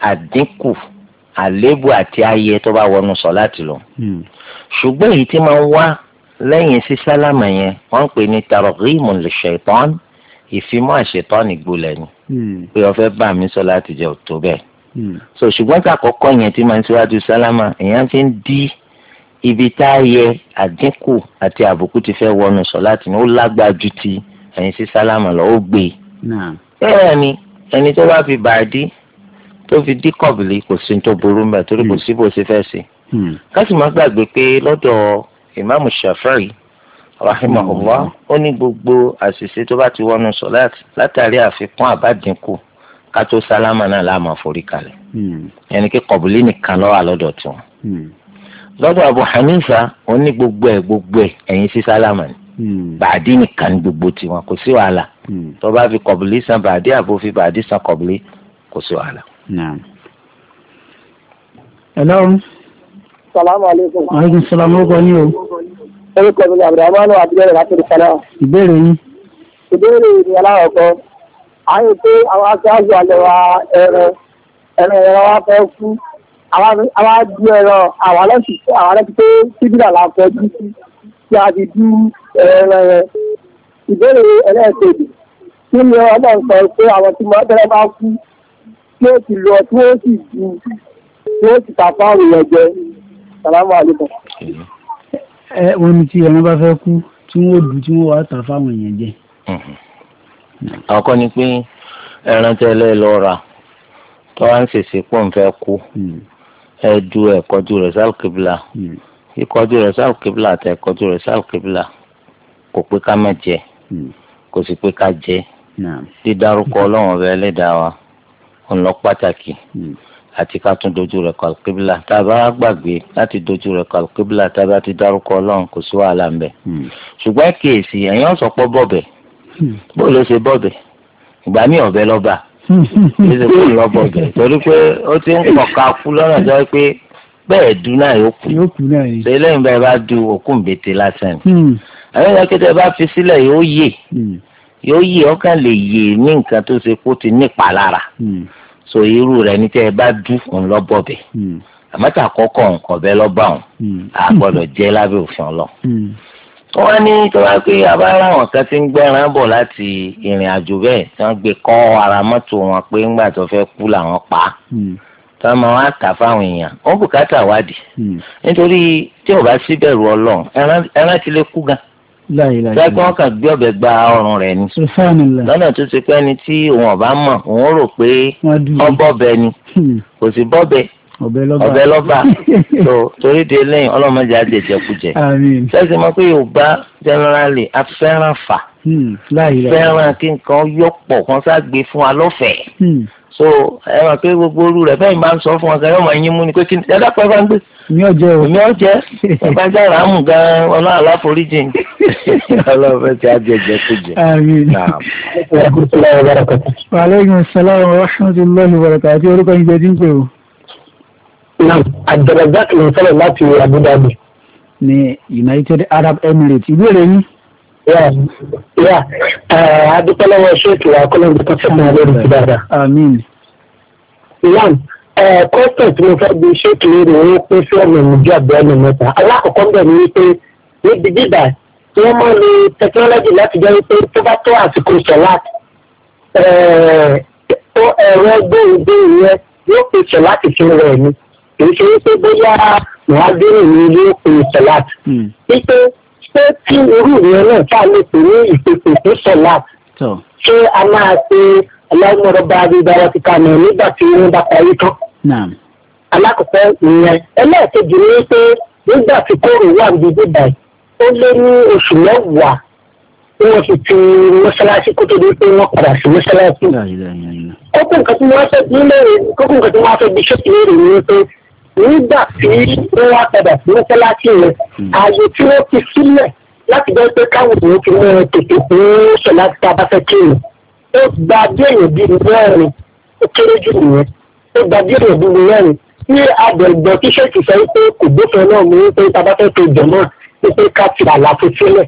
àdínkù àléébù àti ayẹ tó bá wọnú sọ láti lọ. Hmm. ṣùgbọ́n èyí tí máa ń wá lẹ́yìn sí sálámà yẹn wọ́n ń pè ní targhimu lish-shaytan ìfimọ́ àṣetán ìgbolẹ̀ ni hmm. pé ọ̀fẹ́ bá mi sọ láti jẹ́ òtó bẹ́ẹ̀. Hmm. so ṣùgbọ́n tí àkọ́kọ́ yẹn ti máa ń síwájú sálámà èèyàn fi ń di ibi tá a yẹ àdínkù àti àbùkù ti fẹ́ wọnú sọ láti ní ó lágbájú ti ẹ̀yìn sí sálámà lọ ó gbé e bẹ́ẹ̀ ni ẹni tó bá fi bàdí tó fi dí kọ̀bìlì kò sí tó burú mbẹ̀ torí kò hmm. sí bó ṣe fẹ́ sí. Hmm. ká sì má gbàgbé pé lọ́dọ̀ ìmáàmù Shafi'i rahimahullah hmm. ó ní gbogbo àṣìṣe tó bá ti wọnú sọ̀láàtì látàrí àfikún àbádínkù ká sálámà náà láàmú àforí ẹni kí kọ̀bìlì nìkan ló wà tó wọn. lọ́dọ̀ Abu Hanifa ó ní gbogbo ẹ̀ gbogbo ẹ̀ ẹ̀yìn sí sálámà ni bàdí nìkan ni gbogbo tiwọn kò sí wàhálà Hmm. tó bá fi kọ̀bìlì san bàdí àbò fi bàdí san kọ̀bìlì kò sí wàhálà. hello. salaamu aleykum. aleykum salaam ó kọ ní o. orúkọ mi ni abdulhamanu abdulayi láti ìfọlá. ìbéèrè yín. ìbéèrè yìí ni aláwọ̀kọ́ àyè pé àwọn aṣáájú àlẹ́ wa ẹ̀rọ ẹ̀rọ ẹ̀rọ wa fẹ́ kú àwa di ẹ̀rọ àwọn alẹ́ ti pé síbílà la fẹ́ jí sí tí a ti dú ẹ̀rọ yẹn. ìbéèrè ẹlẹ́ẹ̀kejì nínú ọlọ́run sọ pé àwọn tí mo tẹ́lẹ̀ bá kú tí ó ti lọ tí ó sì ju tí ó sì ta fáwọn èèyàn jẹ sàlámù àlékún. ẹ wọn ní tí ẹran bá fẹ́ kú tí wọn ò dùn tí wọn wàá ta fáwọn èèyàn jẹ. Hm. àkọ́ ni pé ẹran tẹ́lẹ̀ lọ rà tó wá ń ṣèṣe pọ̀ ń fẹ́ kú hm. ẹ ju ẹ̀kọ́jú rẹ̀ sálùkìbìlà hm. ìkọ́jú rẹ̀ sálùkìbìlà àti ẹ̀kọ́jú rẹ̀ sálùkìbìlà kò pé ká má kò sì pé ká jẹ dídarúkọ ọlọ́run ọbẹ̀ ẹlẹ́dàá wa ń lọ pàtàkì hmm. àti ká tún dojú rẹ̀ kọ alùkébílà tá a bá gbàgbé láti dojú rẹ̀ kọ alùkébílà tá a bá ti dárúkọ ọlọ́run kò sí wàhálà ń bẹ. Hmm. ṣùgbọ́n kèèsì ẹ̀yìn ọ̀sọ̀pọ̀ bọ̀bẹ̀ hmm. bó ló ṣe bọ̀bẹ̀ ìgbà míì ọ̀bẹ lọ́ba ṣíṣe kó lọ bọ̀bẹ̀ torí pé ó ti ń kọ̀ka kú lọ́nà tó pé bẹ́ẹ̀ du náà yóò kú ṣe lẹ́yìn bá yẹ bá du òkú ń bètè lásán ni. àwọn ènìyàn yóò yí ọkàn lè yè ní nǹkan tó ṣe kó ti nípa lára hmm. so irú rẹ̀ ní tẹ́ ẹ bá dú òun lọ bọ̀bẹ̀ hmm. àmọ́tà àkọ́kọ́ nǹkan bẹ́ẹ̀ lọ́ bá òun àgbọ̀dọ̀ hmm. jẹ́ lábẹ́ òfin ọlọ́ wọ́n ní tó bá pé abára wọn kan ti ń gbẹ́ran bọ̀ láti ìrìn àjò bẹ́ẹ̀ tí wọ́n gbé kọ́ ara mọ́tò wọn pé ńgbà tó fẹ́ kú làwọn pa á tí wọ́n máa wá kà fáwọn èèyàn wọ́n bùkátà wádìí nítorí tí ò bá síbẹ̀rù ọlọ́run ẹran ti lè kú gan-an tẹ́kọ̀ wọn kàn gbé ọ̀bẹ gba ọrùn rẹ̀ ni lọ́nà tó ti pẹ́ ni tí òun ọ̀bá mọ̀ òun rò pé ọbọ̀bẹ ni hmm. kò sí bọ́bẹ ọbẹ̀ lọ́ba torí de lẹ́yìn ọlọ́mọdé àjẹjẹkújẹ sẹ́sìn mọ́ pé yorùbá generally afẹ́ràn fà hmm. fẹ́ràn kí nǹkan yọ̀pọ̀ kan ságbe fún wa lọ́fẹ̀ẹ́ hmm so ẹ wà pé gbogbo olú rẹ̀ bẹ́ẹ̀ bá ń sọ fún wọn gan yóò máa yín mú ni pé kí ni ẹ̀dá pẹ́ bá ń gbé. mi ò jẹ o mi ò jẹ bàbá jára àmú gan ọlọ́ àláforíjì ni. ọlọ́run fẹ́ ti àjẹjẹ tó jẹ. àmín. wàhálẹ́gùn sàlámù rahmatulahi wàràkà àti orúkọ ìgbẹ́ tí ń pè o. na àdàlàgbà kìlọ̀ sọ̀rọ̀ láti Abu Dhabi. ní United Arab Emirates ìbéèrè yín yà uh, adúpẹ́ lọ́wọ́ ṣéèkì wa kọ́lọ́ ní kan fún mi lórí ti dáadáa. one kọ́sítọ̀ tí mo fẹ́ bi ṣéèkì lórí owó pín sí ọ̀nà méjì àbí ọ̀nà mẹ́ta alákọ̀ọ́kọ́ ń bẹ̀ ní wípé níbi dídà tí wọ́n máa ń lo tẹkinọ́lọ́jì láti jẹ́ wípé tó bá tó àsìkò sọ̀láàtì ẹ̀rọ ẹgbẹ́ ìgbé ìyẹn yóò pín sọ̀láàtì fún rẹ̀ ni kì í ṣe wípé bóyá mọ̀ádúró ni yóò pín sọ̀láàtì. Hmm. wípé pé tí irú ìyẹn náà bá lè pè ní ìpèsè fún sọ̀lá ṣé a máa ṣe aláìmọ̀rọ̀ bá rí dára ti kànú nígbà tí wọ́n bá parí tán. alákọ̀ọ́kọ́ ìyẹn ẹlẹ́ẹ̀kejì ni pé nígbà tí kóòrò wà ní bíbá yìí ó lé ní oṣù mẹ́wàá tí wọ́n ti ti mọ́ṣáláṣí kó tó dé pé wọ́n padà sí mọ́ṣáláṣí. kókó nǹkan tí wọ́n fẹ́ bí ṣé ti rí rí ni pé nígbà tí wọ́n wá padà sí mọ́sálásí yẹn ààyè tí wọ́n ti sílẹ̀ láti jẹ́ pé káwọn èèyàn ti mú tètè fún ṣọlá tí a bá fẹ́ kí ni ó gba bí èèyàn bíi mẹ́rin ó kéré jù nìyẹn ó gba bí èèyàn bíi mẹ́rin ní abẹ̀gbọ́ tí ṣèkì sọ pé kò gbófin náà mú pé tá a bá fẹ́ tó jọ̀mọ́ pé ká ti àlàfo sílẹ̀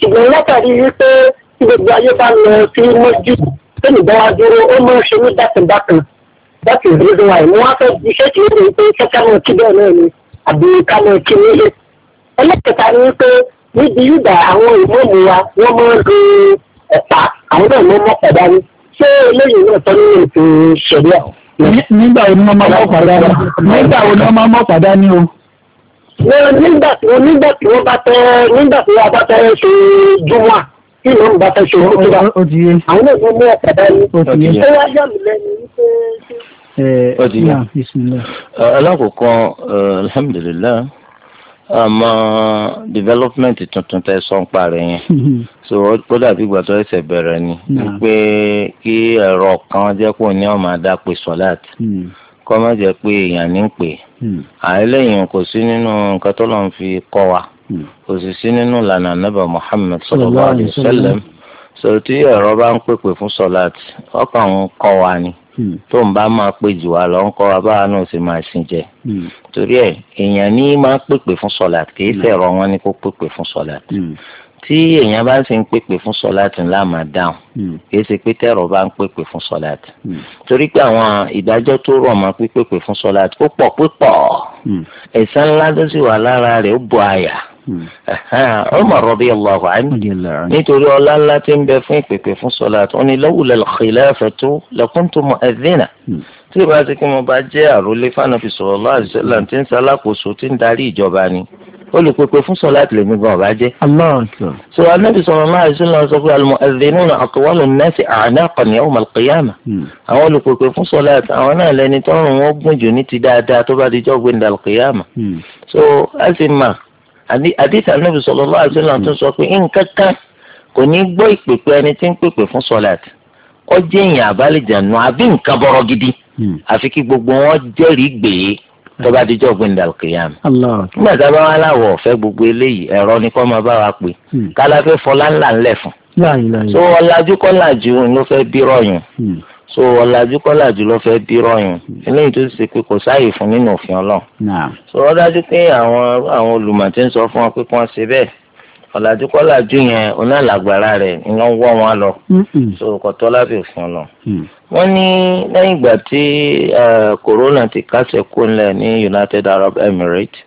ṣùgbọ́n látàrí wípé tí gbogbo ayé bá lọ sí mọ́jú tẹ́lẹ̀ ní that is the reason why mo wá fẹ́ iṣẹ́ tí ó lè pé kẹ́kẹ́ mọ̀ kí bẹ́ẹ̀ náà ni àbí ká mọ̀ kí nílé. ẹlẹ́kẹta ni pé níbi yúdà àwọn ìmọ̀ọ́mù wa wọ́n mọ̀ ń lo ẹ̀pà àwọn náà mọ̀ mọ̀ pẹ̀dá ni ṣé eléyìí náà tọ́ nínú ètò ìṣẹ̀lẹ̀ nígbà wo ni wọ́n máa mọ̀ pàdá ni nígbà wo ni wọ́n máa mọ̀ pàdá ni o. nígbà tí wọ́n bá tẹ́ nígbà tí wọ́n bá tẹ́ ṣe júmọ́ tí ìmọ̀mù bá fẹ́ ṣe owó tó bá àwọn náà wọ́n mú ọ̀pá dání ó wá yà mí lẹ́nu wípé. alákòókò alhamdulilayi àmọ́ development tuntun tẹ sọ ń yẹn so ó dàbí ìgbà tó ẹsẹ̀ bẹ̀rẹ̀ ni wípé kí ẹ̀rọ kan jẹ́ kó ní ọ̀mà dápè sọ́láàtì hmm. kọ́ má jẹ́ pé èèyàn ní pè hmm. àìlẹ́yìn kò sí nínú nǹkan tó lọ́n fi kọ́ wa kò sì sí nínú ìlànà anábà Muhammad sallallahu alaihi wasallam sọ̀rọ̀ tí ẹ̀rọ bá ń pèpè fún sọ̀láàtì ọkọ̀ àwọn kọ́ wa ni hmm. tó ń bá máa pè jù wá lọ ń kọ́ wa báwa náà sì máa sìn jẹ. Hmm. torí ẹ̀ èèyàn ní máa pèpè fún sọ̀láàtì kì í hmm. fẹ̀rọ wọn ni kó pèpè fún sọ̀láàtì tí èèyàn bá sì ń pèpè fún sọláàtì ńlá máa dáhùn kì í ṣe pé tẹ́rọ bá ń pèpè fún sọláàtì torí pé àwọn ìdájọ́ tó rọ̀ mọ́ pípèpè fún sọláàtì ó pọ̀ pípọ̀ ẹ̀san ńlá tó sì wà lára rẹ̀ ó bọ àyà. Umar radiyallahu anhu nítorí ọlá ńlá tí ń bẹ fún ìpèpè fún sọlá tó ní lawla al-khilafatu lakuntu mu'adhdhina hmm. tí ìbá ti kí mo bá jẹ́ àròlé fánàfì sallallahu alaihi wasallam tí ń salákòóso tí ń darí ìjọba ni olùpèpè fún sọlá tìlẹ̀ mi gan ọ̀bá jẹ́. sọ anábì sallallahu alaihi wasallam sọ pé al-mu'adhdhinuna atwalu an-nasi a'naqan yawm al-qiyamah. Hmm. àwọn olùpèpè fún sọlá àwọn náà lẹni tọrùn wọn gùn jù ní ti dáadáa tó bá di jọ́gbìn dàlùkìyàmà. Hmm. so ẹ ti mà àdìsí ànábì sallallahu alaihi wasallam tó sọ pé nǹkan kan kò ní gbọ́ ìpèpè ẹni tí ń pèpè fún sọláàtì kọ́ jẹ́ èèyàn àbálẹ̀jànú àbí nǹkan bọ̀rọ̀ gidi hmm. àfi kí gbogbo wọn jẹ́rìí gbèé e tó bá dijọ́ gbẹ̀ndà kìyàm. nígbà tá a bá wà láwọ̀ ọ̀fẹ́ gbogbo eléyìí ẹ̀rọ ni kọ́ máa bá wa pè hmm. kálá fẹ́ fọlá ńlá ńlẹ̀ fún. tó ọlájú kọ́ làjú ló fẹ́ bí rọ̀yùn. Hmm so ọ̀làjú kọ́làjú ló fẹ́ dírọ̀ yẹn eléyìí tó ṣe pé kò sáàyè fún nínú òfin ọlọ́run so ó dájú pé àwọn àwọn olùmọ̀ tí ń sọ fún wọn pé kí wọ́n ṣe bẹ́ẹ̀ ọ̀làjú kọ́làjú yẹn onálágbára rẹ̀ ni wọ́n wọ́ wọn lọ so kọ̀tọ́ lábẹ́ òfin ọlọ́run mm. wọ́n ní lẹ́yìn ìgbà tí corona ti kásẹ̀ kó ńlẹ̀ ní United Arab Emirates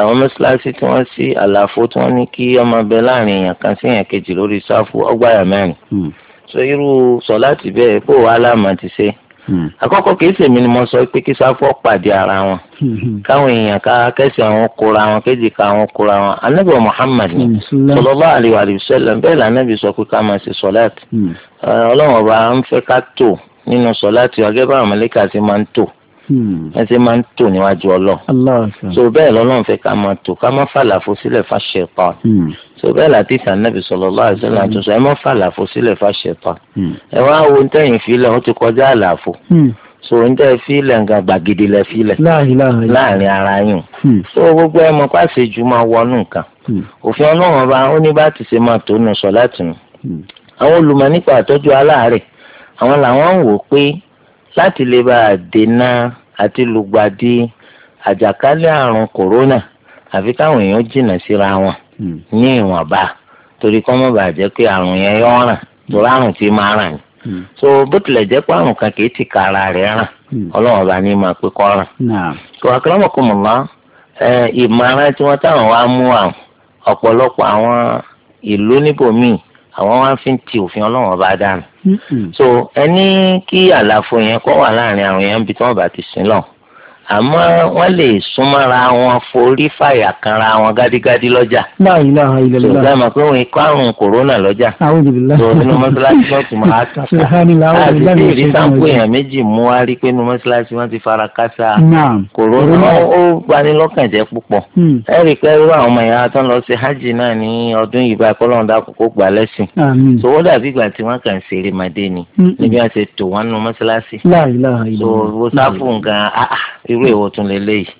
àwọn mọ́ṣáláṣí tí wọ́n sí àlàfo tí wọ́n ní kí ọmọ bẹ láàrin èèyàn kan sí èèyàn kejì lórí sáfù ọgbà yà mẹ́rin. Mm so irú sọláàtì bẹ́ẹ̀ kó wàá láàmà ti ṣe hmm. àkọ́kọ́ kìí sèmi ni mo sọ pé kí sáfọ́ pàdé ara wọn hmm. káwọn èèyàn ká kẹsì àwọn kóra wọn kéjì ká àwọn kóra wọn anabi muhammad ni hmm. sallallahu alaihi wa sallam bẹ́ẹ̀ lànàbì sọ pé ká máa ṣe sọláàtì ọlọ́run ọba ń fẹ́ ká tò nínú sọláàtì ọgẹ́ bá màlàíkà ti máa ń tò ẹsẹ máa ń tò níwájú ọlọ́run so bẹ́ẹ̀ lọ́lọ́run fẹ́ ká máa tò ká máa fàlàfo sílẹ̀ fáṣẹ pa tó bẹ́ẹ̀ láti sàn nàbì sallallahu alaihi wasallam àtúnṣe ẹ mọ́ fàlàfo sílẹ̀ fàṣẹ̀tọ̀ hmm. ẹ wá wo ní tẹ̀yìn filẹ̀ ó ti kọjá àlàfo hmm. so ń tẹ́ filẹ̀ nǹkan gbàgede lẹ filẹ̀ láàrin ara yìí hmm. so gbogbo ẹ mọ̀ pàṣẹ ju máa wọnú nǹkan òfin ọlọ́run ọba ó ní bá ti ṣe máa tó nù sọ láti nù àwọn olùmọ̀ nípa àtọ́jú aláàárẹ̀ àwọn làwọn ń wò pé láti lè bá dènà àti lùgbàdì àjàkálẹ̀ àrùn kòrónà àfi káwọn èèyàn jìnnà síra wọn ní ìwọ̀nba torí kọ́ mọ́ bàjẹ́ pé àrùn yẹn yọ ràn torí àrùn tí máa ràn ni hmm. so bó tilẹ̀ jẹ́ pé àrùn kan kìí ti ka ara rẹ̀ ràn hmm. ọlọ́run ọba ní máa pé kọ́ ràn. kò àkàràmọ̀kùnmọ̀lá ìmọ̀ràn tí wọ́n táwọn wá mú àwọn ọ̀pọ̀lọpọ̀ àwọn ìlú níbòmíì àwọn wá fi ń ti òfin ọlọ́run ọba dànù. Hmm. so ẹni kí àlàfo yẹn kọ́ wà láàrin àrùn yẹn bí tí wọ́n bá ti sin lọ́hùn àmọ́ wọ́n lè súnmọ́ra wọn forí fàyà kanra wọn gádígádí lọ́jà. báyìí náà ha ilẹ̀ lọ́jà. sọ̀rọ̀ pé òun ikọ́ àrùn kòrónà lọ́jà. àwọn ìdìbò lọ́jà. sọ̀rọ̀ nínú mọ́ṣáláṣí náà tún máa kà. láti bí ìrí sáǹpù èèyàn méjì mú wa rí pé nínú mọ́ṣáláṣí wọn ti fara kásá. kòrónà ó bani lọ́kàn jẹ́ púpọ̀. Hmm. ẹ rí i pé irú àwọn ọmọ ìyá tó ń lọ sí hajj náà ní ọdún yìí bá kọ́lọ́run dá kókó gbà lẹ́sìn. sọwọ́ dàbí ìgbà tí wọ́n kàn ṣeré màdé ni hmm. níbi àti tò wọ́n nínú mọ́ṣáláṣí irú èwo tún lè léyìí.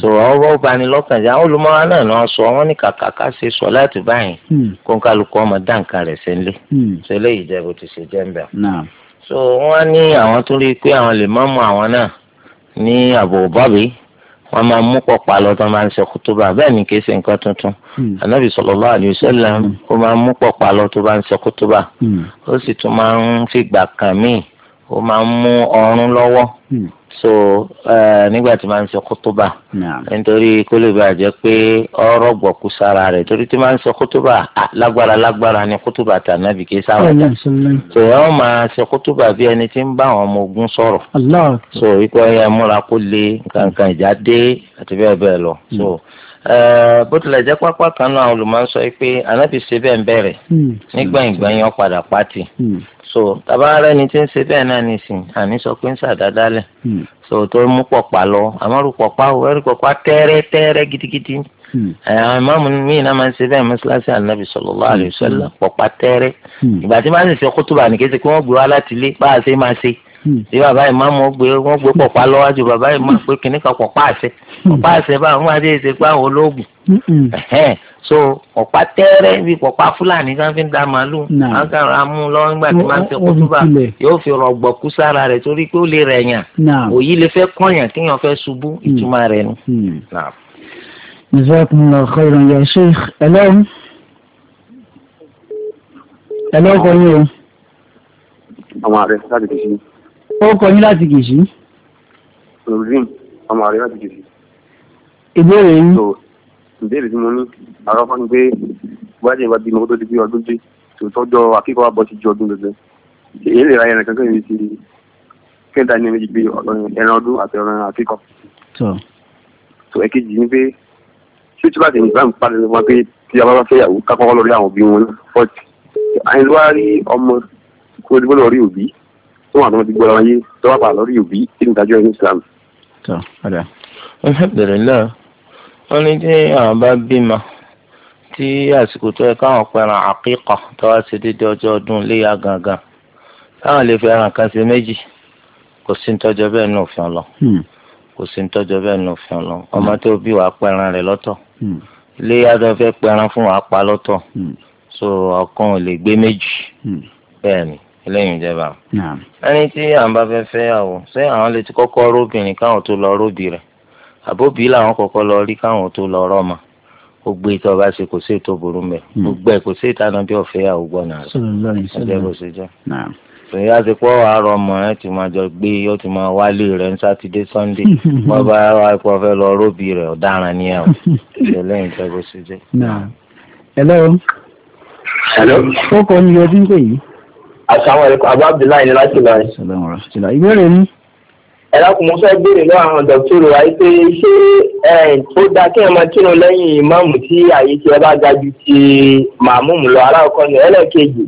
so ọwọ́ bani lọ́kàn jẹ́ àwọn olùmọ̀ràn náà ni wọ́n sọ wọ́n ní kàkà ká ṣe sọ láti báyìí mm. kó ń kálukú ọmọ dáǹkà rẹ̀ ṣe ń lé. so eléyìí jẹ́ bó ti ṣe jẹ́ ń bẹ̀. so wọ́n ní àwọn tó rí i pé àwọn lè má mú àwọn náà ní àbòbọ́bí wọ́n máa mú pọ̀pá lọ tó máa ń ṣe kútúbà bẹ́ẹ̀ ni kìí ṣe nǹkan tuntun anabi mm. sallallahu alaihi wasallam mm. ó máa mú pọ̀pá lọ tó bá ń ṣe kútúbà ó sì tún máa ń fìgbà kàn míì ó máa ń mú ọrùn lọ́wọ́ so nígbà tí máa ń ṣe kótóbà nítorí kó lè bàa jẹ pé ọ̀rọ̀ gbọkú sára rẹ̀ torí tí máa ń ṣe kótóbà lágbára lágbára ni kótóbà tànàbì kì í sáwọn ọjà so ẹ wọn máa ṣe kótóbà bí ẹni tí ń bá àwọn ọmọ ogun sọ̀rọ̀ so ikú ẹyẹ múra kó lè kankan ìjà dé àti bẹ́ẹ̀ bẹ́ẹ̀ lọ hmm. so bó tilẹ̀ jẹ́ pápá kan náà olùmọ̀ sọ pé ànábì ṣe bẹ́ẹ̀ bẹ̀rẹ̀ hmm. nígbà ìgbà yẹn padà pátì hmm so tàbá rẹ ni tí ń ṣe bẹ́ẹ̀ náà nìsín àní sọ pé ń ṣàdáadáa hmm. so tó mú pọ̀pá lọ àmọ́rù pọ̀pá o ẹ̀rù pọ̀pá tẹ́rẹ́ tẹ́rẹ́ gidigidi hmm. àwọn ìmáàmù míì náà máa ń ṣe bẹ́ẹ̀ mọ́ṣáláṣí ànábì sallallahu alaihi wasallam hmm. pọ̀pá tẹ́rẹ́ ìgbà tí máa ń ṣe kútùbà ní kété kí wọ́n gbé wá láti ilé bá a ṣe máa ṣe bí bàbá ìmáàmù gbé wọ́n gbé pọ̀pá lọ́wájú bàbá ìmáàmù pé kìnnìkan pọ̀pá àṣẹ pọ̀pá àṣẹ báwọn máa dé ṣe pé àwọn olóògùn so ọ̀pá tẹ́rẹ́ bí ọ̀pá fúlàní kan fi ń da màálù àwọn kan ra mú lọ́wọ́ nígbà tí wọ́n ti kó túbà yóò fi rọ̀gbọ̀ kú sára rẹ̀ torí pé ó lè rẹ̀ yàn òyì lè fẹ́ kọ́yàn kéèyàn fẹ́ ṣubú hmm. ìtumọ̀ rẹ̀ nu. Hmm. jazakumullahu khairan ya sheikh ẹlẹ́wọ̀n ẹlẹ́wọ̀n kọ́ yín o. ọmọ rẹ láti kìsì. ó kọ yín láti kìsì. rubin ọmọ rẹ láti kìsì. ìbéèrè yín ìbéèrè tí mo ní àwọn fún mi pé bóyá tí ìwà bímọ kó tó di pé ọdún dé tòótọ́jọ́ akẹ́kọ̀ọ́ àbọ̀ ti ju ọdún gbẹgbẹ èyí lè ra ẹran kankan yìí ti kẹta ní méjì pé ẹran ọdún àti ẹran akẹ́kọ̀ọ́. tó ẹ̀kejì ni pé ṣé tí wàá tẹ̀lé ìbámu padà ló wá pé tí a bá bá fẹ́yàwó kápákọ́ lórí àwọn òbí wọn fọ́ọ̀tì àyìn ló wá rí ọmọ kó dúró lórí òbí tó wà lọ́wọ́ ti gbọ́ lọ́wọ́ yé tó wà pà lórí òbí tí nìdájọ́ ìsìlámù wọ́n ní tí àwọn bá bímọ tí àsìkò tó yẹ káwọn pẹran àkíkà tó wá sí dídí ọjọ́ ọdún léyà gangan táwọn lè fi ẹran kan sí méjì kò sí nítọ́jọ́ bẹ́ẹ̀ ní òfin ọlọ hmm. kò sí nítọ́jọ́ bẹ́ẹ̀ ní òfin ọlọ hmm. ọmọ tó bí wàá pẹran rẹ̀ lọ́tọ̀ hmm. léyà tó fẹ́ pẹran fún wàá pa lọ́tọ̀ so ọ̀kan ò lè gbé méjì bẹ́ẹ̀ ni eléyìí ìjẹba ẹni tí àwọn bá fẹ́ fẹ́ yàwó ṣé àbóbí làwọn kọ́kọ́ lọ rí káwọn tó lọ rọ́ọ̀mà gbogbo ìtọ́ bá ṣe kò sí ètò burú mẹ́ hmm. gbogbo ẹ̀ kò sí ìtànà bí ọ̀fẹ́ àwọn gbọ́nà rẹ̀ ẹ̀jẹ̀ bó ṣe jẹ́ sèyí àti pọ́ àárọ̀ ọmọ rẹ ti máa jọ gbé yóò ti máa wálé rẹ ní sátidé sọ́ndé wọ́n bá wà pọ̀ fẹ́ lọ róbì rẹ̀ ọ̀daràn ni ẹ̀ o ṣe lẹ́yìn bó ṣe jẹ́. hello. hello. kókó ni ojú ń pè yìí. àṣà àwọn ẹ̀kọ́ àbá abdullahi ni láti lọ ìbéèrè mi ẹ̀rọ mo fẹ́ béèrè lọ́wọ́ àwọn dọ̀tírò wáyé pé ṣé ó dáa kí ẹ máa kírun lẹ́yìn ìmáàmù tí àyè tí ẹ bá ga ju ti màmúùmù lọ aláwọ̀kọ́ ni ẹlẹ́ẹ̀kejì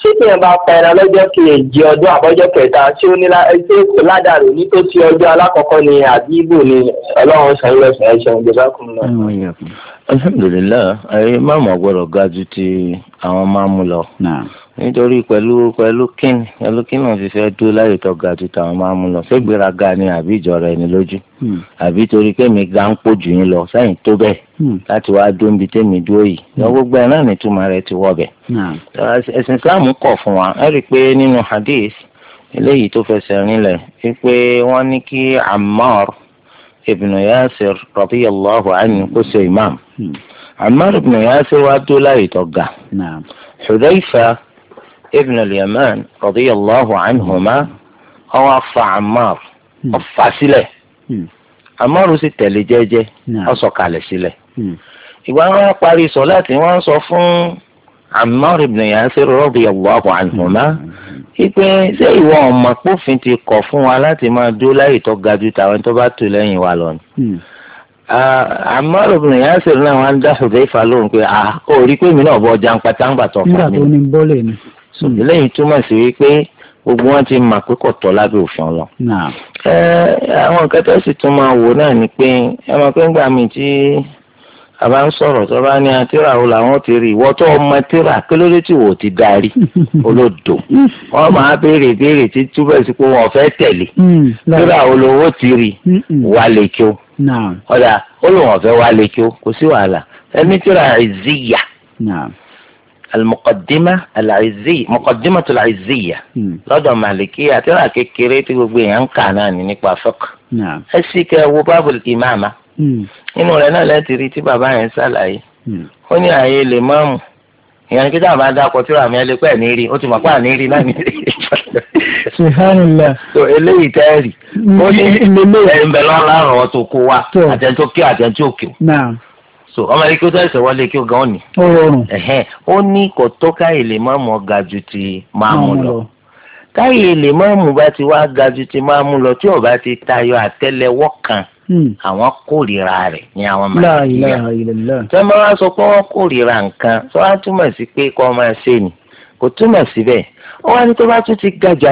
ṣé kí ẹ bá pa ẹran lọ́jọ́ kejì ọdún àbọ́jọ́ kẹta tí ó ní ṣé kò ládàrú ní tó ti ọjọ́ alákọ̀ọ́kọ́ ni àbí ibò ni ọlọ́run sàn lọ́sàn ẹ̀ ṣẹ̀ǹdẹ̀ lákùnrin alhamdulilayi ayé máàmù ọgbọ́dọ̀ ga ju ti àwọn máàmù lọ nítorí pẹ̀lú pẹ̀lú kíni pẹ̀lú kíni wọn fi fẹ́ tó ga ju tàwọn máa mú lọ ṣégbéraga ni àbí ìjọra ẹni lójú hmm. àbí torí kémi ga ń pò jù yín lọ sẹ́yìn tó bẹ́ẹ̀ hmm. láti wáá dó níbi tẹ́mi dúró yìí hmm. lọ gbogbo ẹ̀ náà ti wọ̀ ẹ̀sìn kọ̀ fún wa ẹ rí i pé nínú hadith eléyìí tó fẹsẹ̀ rinlẹ̀ Yasir ابن al رضي الله عنهما هو afa Ammar ọ̀fà sílẹ̀ Ammar sì tẹ̀lé jẹ́jẹ́ ọ̀sọ̀kalẹ̀ sílẹ̀ ìgbà wọn parí sọ̀láàtì wọ́n sọ fún Ammar ibn Yasir radiyallahu anhuma ipe ṣé ìwọ ọmọ pófin ti kọ̀ fún wa láti máa dó láyè tó ga ju tàwọn tó bá tó lẹ́yìn wa lọ ni. Ammar ibn Yasir náà wọ́n á dá Hudayfa lóhùn pé ó rí pé mi náà bọ́ jàǹpátá ń gbà tó fà nígbà tó ní bọ́ọ̀lù ni so hmm. eléyìí túmọ̀ sí wípé gbogbo wọn ti mà pé kò tọ́ lábẹ́ òfin ọlọ. ẹ àwọn nǹkan tó sì tún máa wò náà ni pé ẹ máa pé ńgbà mi tí a bá ń sọ̀rọ̀ tó bá ní àtìrà o làwọn ti rí ìwọ́ tó ọmọ tìrà kí ló dé tí wò ó ti darí olódò wọ́n máa béèrè béèrè tí túbẹ̀ sí pé wọ́n fẹ́ tẹ̀lé tìrà o lówó ti rí wà lẹ́kí ọ̀dà ó lóun ọ̀fẹ́ wà lẹ́kí kò sí wàhálà ẹni tìrà ìzíyà. المقدمة العزية مقدمة العزية لدى مالكية ترى كيكيري تقول أن كانان نقوى فقه نعم أسيك وباب الإمامة إنه لنا لا تري تبابا ينسال أي هنا أي الإمام يعني كده ما دا قتل ما لك نيري أنت ما قا نيري لا سبحان الله تو إلي تاري هنا إن بلغ الله وتقوى أتنتوكي أتنتوكي نعم so ọmọ yìí kí ó tẹ̀sẹ̀ wọlé kí ó gan ọ̀nì. ó ní kò tó káyè lè má mọ̀ ga ju ti máàmù lọ káyè lè má mú bá ti wá ga ju ti máàmù lọ tí ó bá ti tayọ àtẹ́lẹwọ́ kan hmm. àwọn kórìíra rẹ̀ ní àwọn màlẹ́kìyà tẹ́ máa wá sọ pé wọ́n kórìíra nǹkan tó wá túmọ̀ sí pé kọ́ máa ṣe ni kò túmọ̀ síbẹ̀ ó wá ní tó bá tún ti ga ju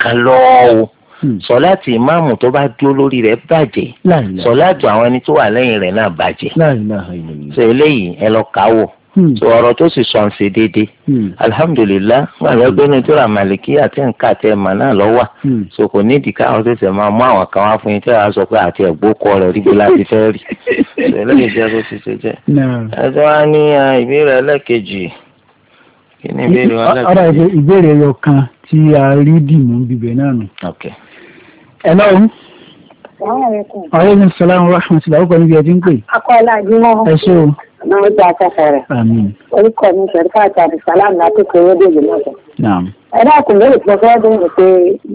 kan lọ́ọ́ o. Hmm. sọláàtì ìmáàmù tó bá dúró lórí rẹ̀ bàjẹ́ sọláàtì àwọn ẹni tó wà lẹ́yìn rẹ̀ náà bàjẹ́ sọ eléyìí ẹ lọ kà á wò hmm. ọ̀rọ̀ tó sì sọ ṣe déédéé hmm. alihamudulila wọn àgbẹ̀ gbẹ́nu tó ra màlìkí àti nǹkan àti ẹ̀mà náà lọ́wọ́ so kò ní ìdí káwọn tẹ̀sẹ̀ máa mú àwọn kan wá fún yín tẹ́lẹ̀ á sọ pé àti ẹ̀gbó kọ rẹ̀ rí bí láti fẹ́ rí lẹ́yìn jẹ́ kó ti ṣe jẹ́. ẹjọ́ wa ní ìbéèrè ẹlẹ́kejì kí ni ìbéèrè wọn lẹ́kejì. ọ̀rọ̀ ìbéèrè ẹyọ tí a rí dì mú bíbẹ̀ náà nù. Hello. Ọ̀rẹ́ mi sọ̀rọ̀ àwọn rahmatulah ọkọ̀ níbi ẹ̀dín pè. Akọ́lá Jimọ́. Ẹ ṣé o. Náà ó jẹ́ akẹ́kọ̀ọ́ rẹ̀. Àmín. Orúkọ de Ṣẹ̀ríkà àti Sàlám látòkè Rédíò Jù náà sọ. Ẹ dákun lórí ìfẹ́ fẹ́ bẹ̀rẹ̀ pé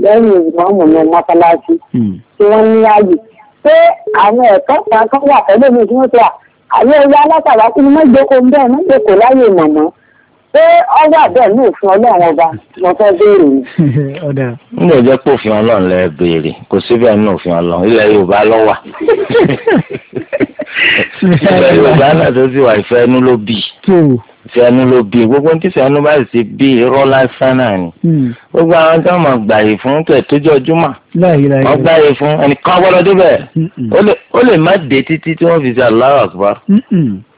lẹ́yìn ìgbìmọ̀ ọmọ mi mọ́sálásí hmm. tí wọ́n ní ààyè pé àwọn ẹ̀kọ́ kan kan wà pẹ̀lú mi tí wọ́n ti wà. Àwọn ẹ̀yà alátàwákú ni mọ́jọ́kọ̀ ń bẹ́ẹ̀ mọ́jọ́kọ̀ láyè mọ̀mọ́ ṣé ọjà bẹ́ẹ̀ ní òfin ọlọ́run ọba mo fẹ́ béèrè ni. n lè jẹ́ pé òfin ọlọ́run lẹ béèrè kò síbẹ̀ ní òfin ọlọ́run ilẹ̀ yorùbá ló wà ilẹ̀ yorùbá náà tó sì wà ìfẹ́ ẹnu ló bì ìfẹ́ ẹnu ló bì gbogbo ní tìfẹ́ ẹnu bá sì bí irọ́ lásán náà ni hmm. gbogbo àwọn tó mọ̀ gbàyè fún tẹ̀ tójú ọjúmọ̀ wọ́n gbàyè fún ẹnìkan gbọ́dọ̀ débẹ̀ ó lè má dé títí tí wọ́n fi ṣe aláwọ̀ àkùbá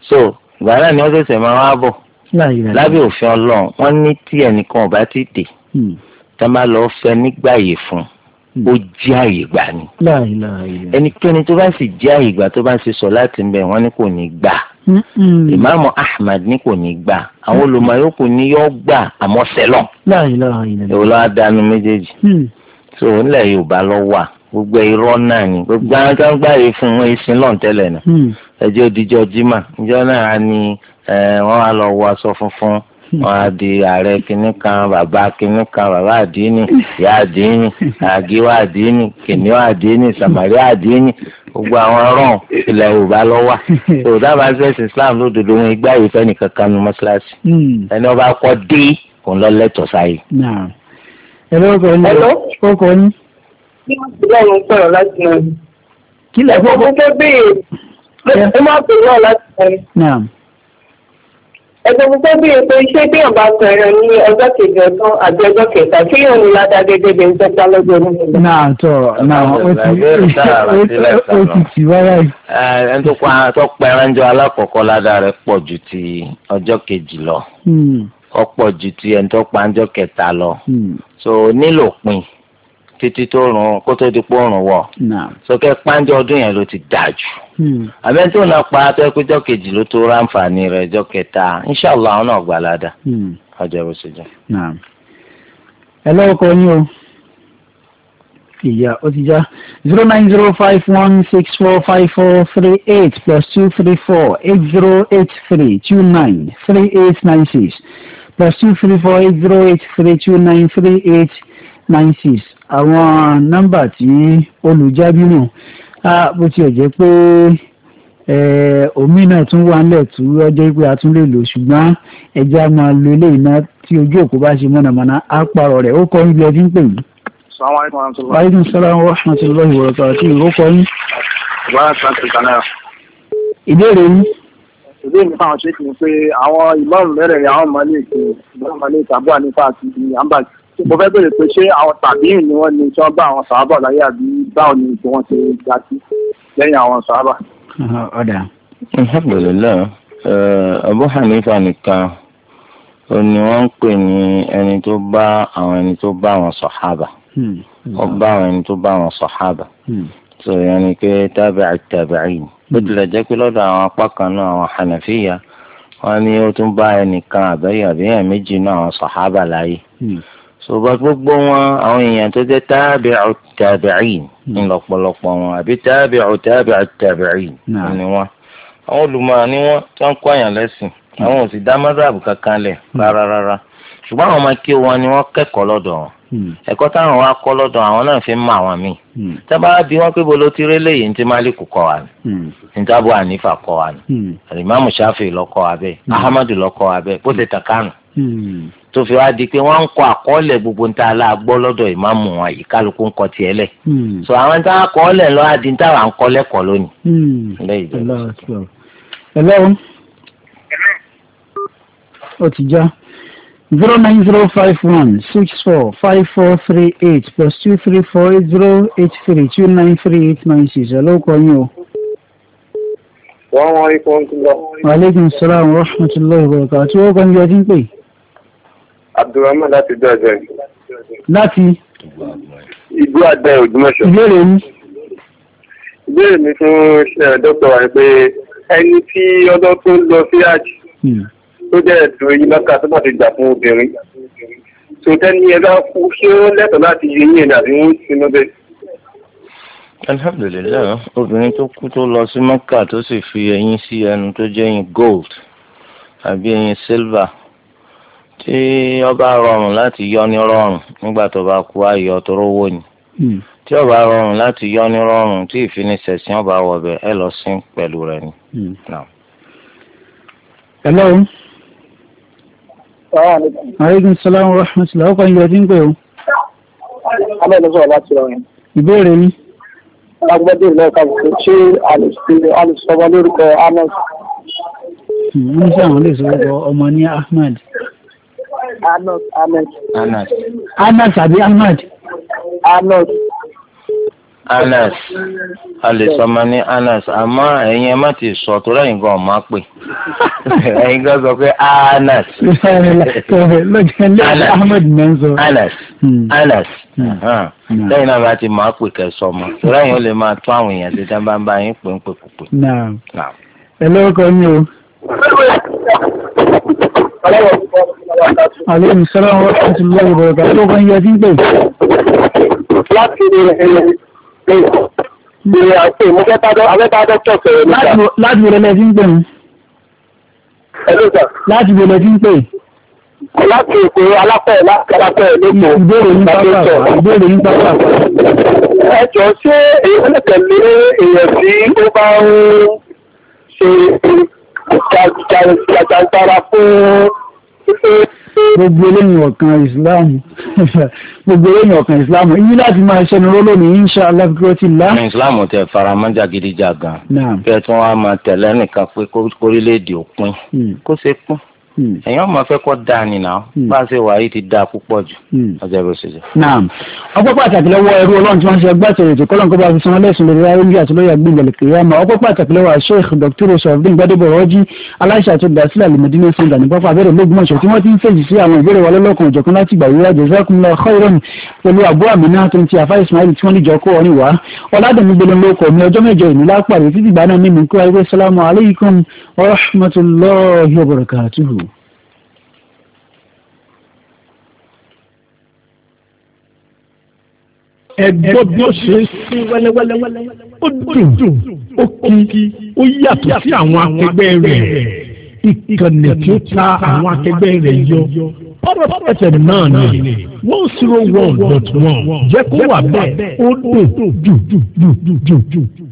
so ìgbà náà ni wọ́n ṣẹ̀ṣẹ̀ máa wá bọ̀ lábẹ́ òfin ọlọ́run wọ́n ní tí ẹnìkan ọba ti dè hmm. tá má lọ fẹ́ nígbà yìí fún hmm. ó jẹ́ àyè gbà ni ẹnikẹ́ni tó bá sì jẹ́ àyè gbà tó bá sì sọ láti ń bẹ̀ wọ́n ní kò ní gbà hmm, ìmáàmù Ahmad ní kò ní gbà àwọn olùmọ̀yókù ní yọ́ gbà àmọ́ sẹ́lọ̀ èwo lọ́wọ́ dánú méjèèjì so nílẹ̀ Yorùbá lọ wà gbogbo irọ́ náà ni gbogbo àwọn kan gbàyè fún wọn ìsìn lọ́n tẹ́lẹ̀ náà ẹjọ́ òdìjọ́ jimá ìjọ náà ni wọ́n á lọ wọ aṣọ funfun wọ́n á di ààrẹ kínní kan bàbá kínní kan bàbá àdínì ìyá àdínì àgíwá àdínì kìnìún àdínì sàmàrí àdínì gbogbo àwọn ọ̀ràn ilẹ̀ yorùbá lọ wà tó dábàá sẹ́sì islam lódodo wọn igbá yìí fẹ́ni kankan nu mọ́ṣáláṣí hmm. ẹni ọba kọ́ dé kò ń lọ lẹ́tọ̀ọ́ sáyé. ẹ ló kọ ní ó kọ ní. bí wọ́n ti lọ́run sọ̀rọ̀ láti mọ̀. kí lẹ́kọ̀ọ́ kó tó béèrè ó máa pè náà láti mọ̀ ẹgbẹ́ gbogbo bí epo iṣẹ́ bí ọba pẹ̀rẹ̀ ní ọjọ́ kejì ọdún àti ọjọ́ kẹta kí yóò ní ládàgé débi ìjọ pa lọ́jọ́ ní ìlú. náà tọ náà ó ti ó ti tì wáyà yìí. ẹni tó pa tó pẹran jọ alákọ̀ọ́kọ́ ládàá rẹ̀ pọ̀ ju ti ọjọ́ kejì lọ ọ̀pọ̀ hmm. ju ti ẹni pa ọjọ́ kẹta lọ hmm. so nílò pin títí tó rùn kó tó di pé òrùn wọ̀ sọkẹ́ pàǹjọ ọdún yẹn ló ti dà jù hmm. àbẹ náà pa atẹ́kùjọ́ kejì ló tó ráǹfààní rẹ̀ jọ kẹta inṣàlá àwọn náà gbà ládàá hmm. ọjọ́ bó ṣe jẹ́. ẹ lọ́wọ́kọ yín o ìyá ó ti já zero nine zero five one six four five four three eight plus two three four eight zero eight three two nine three eight nine six plus two three four eight zero eight three two nine three eight nine six àwọn nọ́mbà tí olùjábìnú bó tiẹ̀ jẹ́ pé omi náà tún wà nílẹ̀ tí ó pé a tún lè lò ṣùgbọ́n ẹja máa lo eléyìí náà tí ojú òkú bá ṣe mọ̀nàmọ́ná á parọ̀ rẹ̀ ó kọ́ ibi ẹ ti ń pè yìí. aleykum salaam wa rahmatulahi wa barakatuh ó kọ́ yín. ìbéèrè yín. ìbéèrè mi fáwọn ṣe é kì í pé àwọn ìmọ̀ọ́mù mẹ́rẹ̀ẹ̀rin àwọn ọmọ ilé ìgbìmọ̀ ìmọ̀ọ́mù ilé ìtàgbọ́ àníkà àti àmbàjì mo fẹ́ bèrè pé ṣé àwọn tàbí ni wọ́n ní tí wọ́n bá àwọn sàábà láyé àbí báwo ni tí wọ́n ti ga sí lẹ́yìn àwọn sàábà. ọ̀dà. alhamdulilayi eh, abu hanifa nìkan ó ní wọ́n ń pè ní ẹni tó bá àwọn ẹni tó bá àwọn sàábà hmm. ó bá àwọn ẹni tó bá àwọn sàábà tó hmm. yẹn ni pé tábìlì tábìlì bó tilẹ̀ jẹ́ pé lọ́dọ̀ àwọn apá kan náà àwọn hanafiya wọ́n ní ó tún bá ẹnìkan àbẹ́yẹ̀ àbẹ́yẹ̀ méjì náà àwọn sàábà láyé. Hmm. ṣùgbọ́n gbogbo wọn àwọn èèyàn tó jẹ́ tábì'ù tábì'ìn ní lọ́pọ̀lọpọ̀ wọn àbí tábì'ù tábì'ù tábì'ìn ni wọn. àwọn olùmọ̀ ni wọ́n ń kọ́ àyàn lẹ́sìn àwọn ò sì dá mọ́sáàbù kankan hmm. rárá àwọn ọmọ wọn ni wọn hmm. ẹ̀kọ́ táwọn wa àwọn náà fi ń mọ àwọn míì hmm. tábà bí pé bolo ni ànífà wa ni tó fi wá di pé wọ́n ń kọ àkọọ́lẹ̀ gbogbo níta aláàgbọ́ lọ́dọ̀ ìmáàmù wọn yìí kálukú ń kọ tiẹ̀ lẹ̀ so àwọn tá a kọ ọ́ lẹ̀ lọ́wọ́ adi níta wà ń kọ́ lẹ́kọ̀ọ́ lónìí. ẹlẹ́wọ̀n ó ti já zero nine zero five one six four five four three eight plus two three four eight zero eight three two nine three eight nine six ẹ̀ ló kọ́ yín o. wàhálà ikú ọ̀hún ti lọ. wàhálà ikú ọ̀hún ti lọ. wàhálà ikú ọ̀hún ti lọ. wàhálà ikú ọ̀hún ti abdulrahman láti ìgbó àdán. láti. ìgbó àdán ògbómọ̀ṣọ́. ìbéèrè mi. ìbéèrè mi fún eh, dókítà wa ni pé ẹni tí ọdọ́ tó ń lọ sí àjì hmm. tó jẹ́ ẹ̀dùn èyí lọ́kà tó bá ti gbà fún obìnrin tó tẹ́ni ẹ bá kú ṣé ó lẹ́tọ̀ọ́ láti yẹ yín ẹ̀dà bí wọ́n ti ná bẹ́ẹ̀. alhamdulilayi obìnrin tó kú tó lọ sí mọ́kà tó sì fi ẹyin sí ẹnu tó jẹ́ ẹyin gold àbí ẹyin silver tí ọba rọrùn láti yọ ní rọrùn nígbà tó bá kú ayọ̀ tó rówó ni hmm. tí ọba rọrùn láti yọ ní rọrùn tí ìfinisẹ̀sìn ọba wọ̀bẹ̀ ẹ lọ sí pẹ̀lú rẹ̀ ni. Hmm. hello. aleykum salaam wa rahmatulah ọkọ ìyá ọdún pé o. abẹ́ ló sọ̀rọ̀ láti ọ̀rìn. ìbéèrè mi. alágbádé ìlú ẹ̀ka kò ṣe alùsọ̀bọ lórúkọ ahmed. wọ́n hmm, ní sọ àwọn olè sọ̀rọ̀ ọmọ ní ahmed. Anas Anas. Anas. Anas àbí Ahmad. Anas. Anas a lè sọmọ ní Anas àmọ́ ẹ̀yin ẹ má ti sọ tó lẹ́yìn gan ọmọ pè ẹ̀yin gan sọ pé Anas. Anas Anas Anas hmm. Hmm. Ah. Hmm. lẹ́yìn náà bá ti máa pè kẹsọ ọmọ tó lẹ́yìn ó lè máa tún àwọn èèyàn tètè bá ń bá yín pè ń pè pè. ẹ lórúkọ mi o. Àlẹ́mì sọ́rọ̀ wọ́n tó ti lọ ìbọ̀rọ̀gá tó bá ń yẹ sí pé. Láti ilẹ̀ àti ìmúkẹ́tàdọ́ abẹ́tàdọ́ tọ̀sẹ̀ rẹ̀ láti ìrẹ̀lẹ̀ sí ń pè mú. Láti ìrẹ̀lẹ̀ sí ń pè. Láti èkó alápẹ̀ láti alápẹ̀ lóko. Ìbéèrè yín pápá. Ìbéèrè yín pápá. Ẹ jọ ṣé èyí lè tẹ̀lé èèyàn tí ó bá ń ṣe jàjàgbara fún. gbogbo eléyìí ọ̀kan islam gbogbo eléyìí ọ̀kan islam yín láti máa ṣẹnu rólò ní insha allah kí ó ti lá. ní islam tẹ faramọ́ jàgídíjàgan kí ẹ tún wá máa tẹ̀lé nìkan pé kórílẹ̀-èdè ò pín hmm. kó ṣe pín èèyàn hmm. máa fẹ́ kọ́ da ni náà hmm. bá a ṣe wà yìí ti da púpọ̀ jù hmm. ọjọ́ ìbò ṣe jẹ. naam ọpẹ́ pàtàkì lọ́wọ́ ẹrú ọlọ́run tí wọ́n ṣe ẹgbẹ́ àtẹ̀rẹ̀ tí kọ́lọ́n kó bá fi san lẹ́sùn lórí ayélujára àti lórí àgbẹ̀gbẹ̀lẹ̀ kìlíyàmà ọpẹ́ pàtàkì lọ́wọ́ sheikh dr osofdin gbadebo rọ́jí aláṣẹ àti olùdásílẹ̀ alimọ̀dínlẹ̀ fúnga ní pápá abẹ́rẹ́ lógúnmọ̀ṣọ́ tí wọ́n ti ń fèsì sí àwọn ìbéèrè wa lọ́lọ́kan òjọ̀kan láti ìgbà wíwá jazakumullahu khairan pẹ̀lú àbú àmìnà tó ń ti àfáà ismail tí wọ́n níjọ kó ọrin wá ọ̀làdàmí gbẹlẹ́lọ́kọ̀ ní ọjọ́ mẹ́jọ ìlú lápàdé títí ìgbà mímú kí wáyé salamu alaykum wa wa barakatuhu. ẹgbọ́ bí ó ṣe sí wẹ́lẹ́wẹ́lẹ́ ó dùn ó kí ó yàtọ̀ sí àwọn akẹgbẹ́ rẹ̀ ìkànnì tí ó ta àwọn akẹgbẹ́ rẹ̀ yọ ọ̀rọ̀ ẹsẹ̀ náà ni one zero one dot one jẹ́ kó wà bẹ́ẹ̀ ó dùn dùn dùn dùn dùn.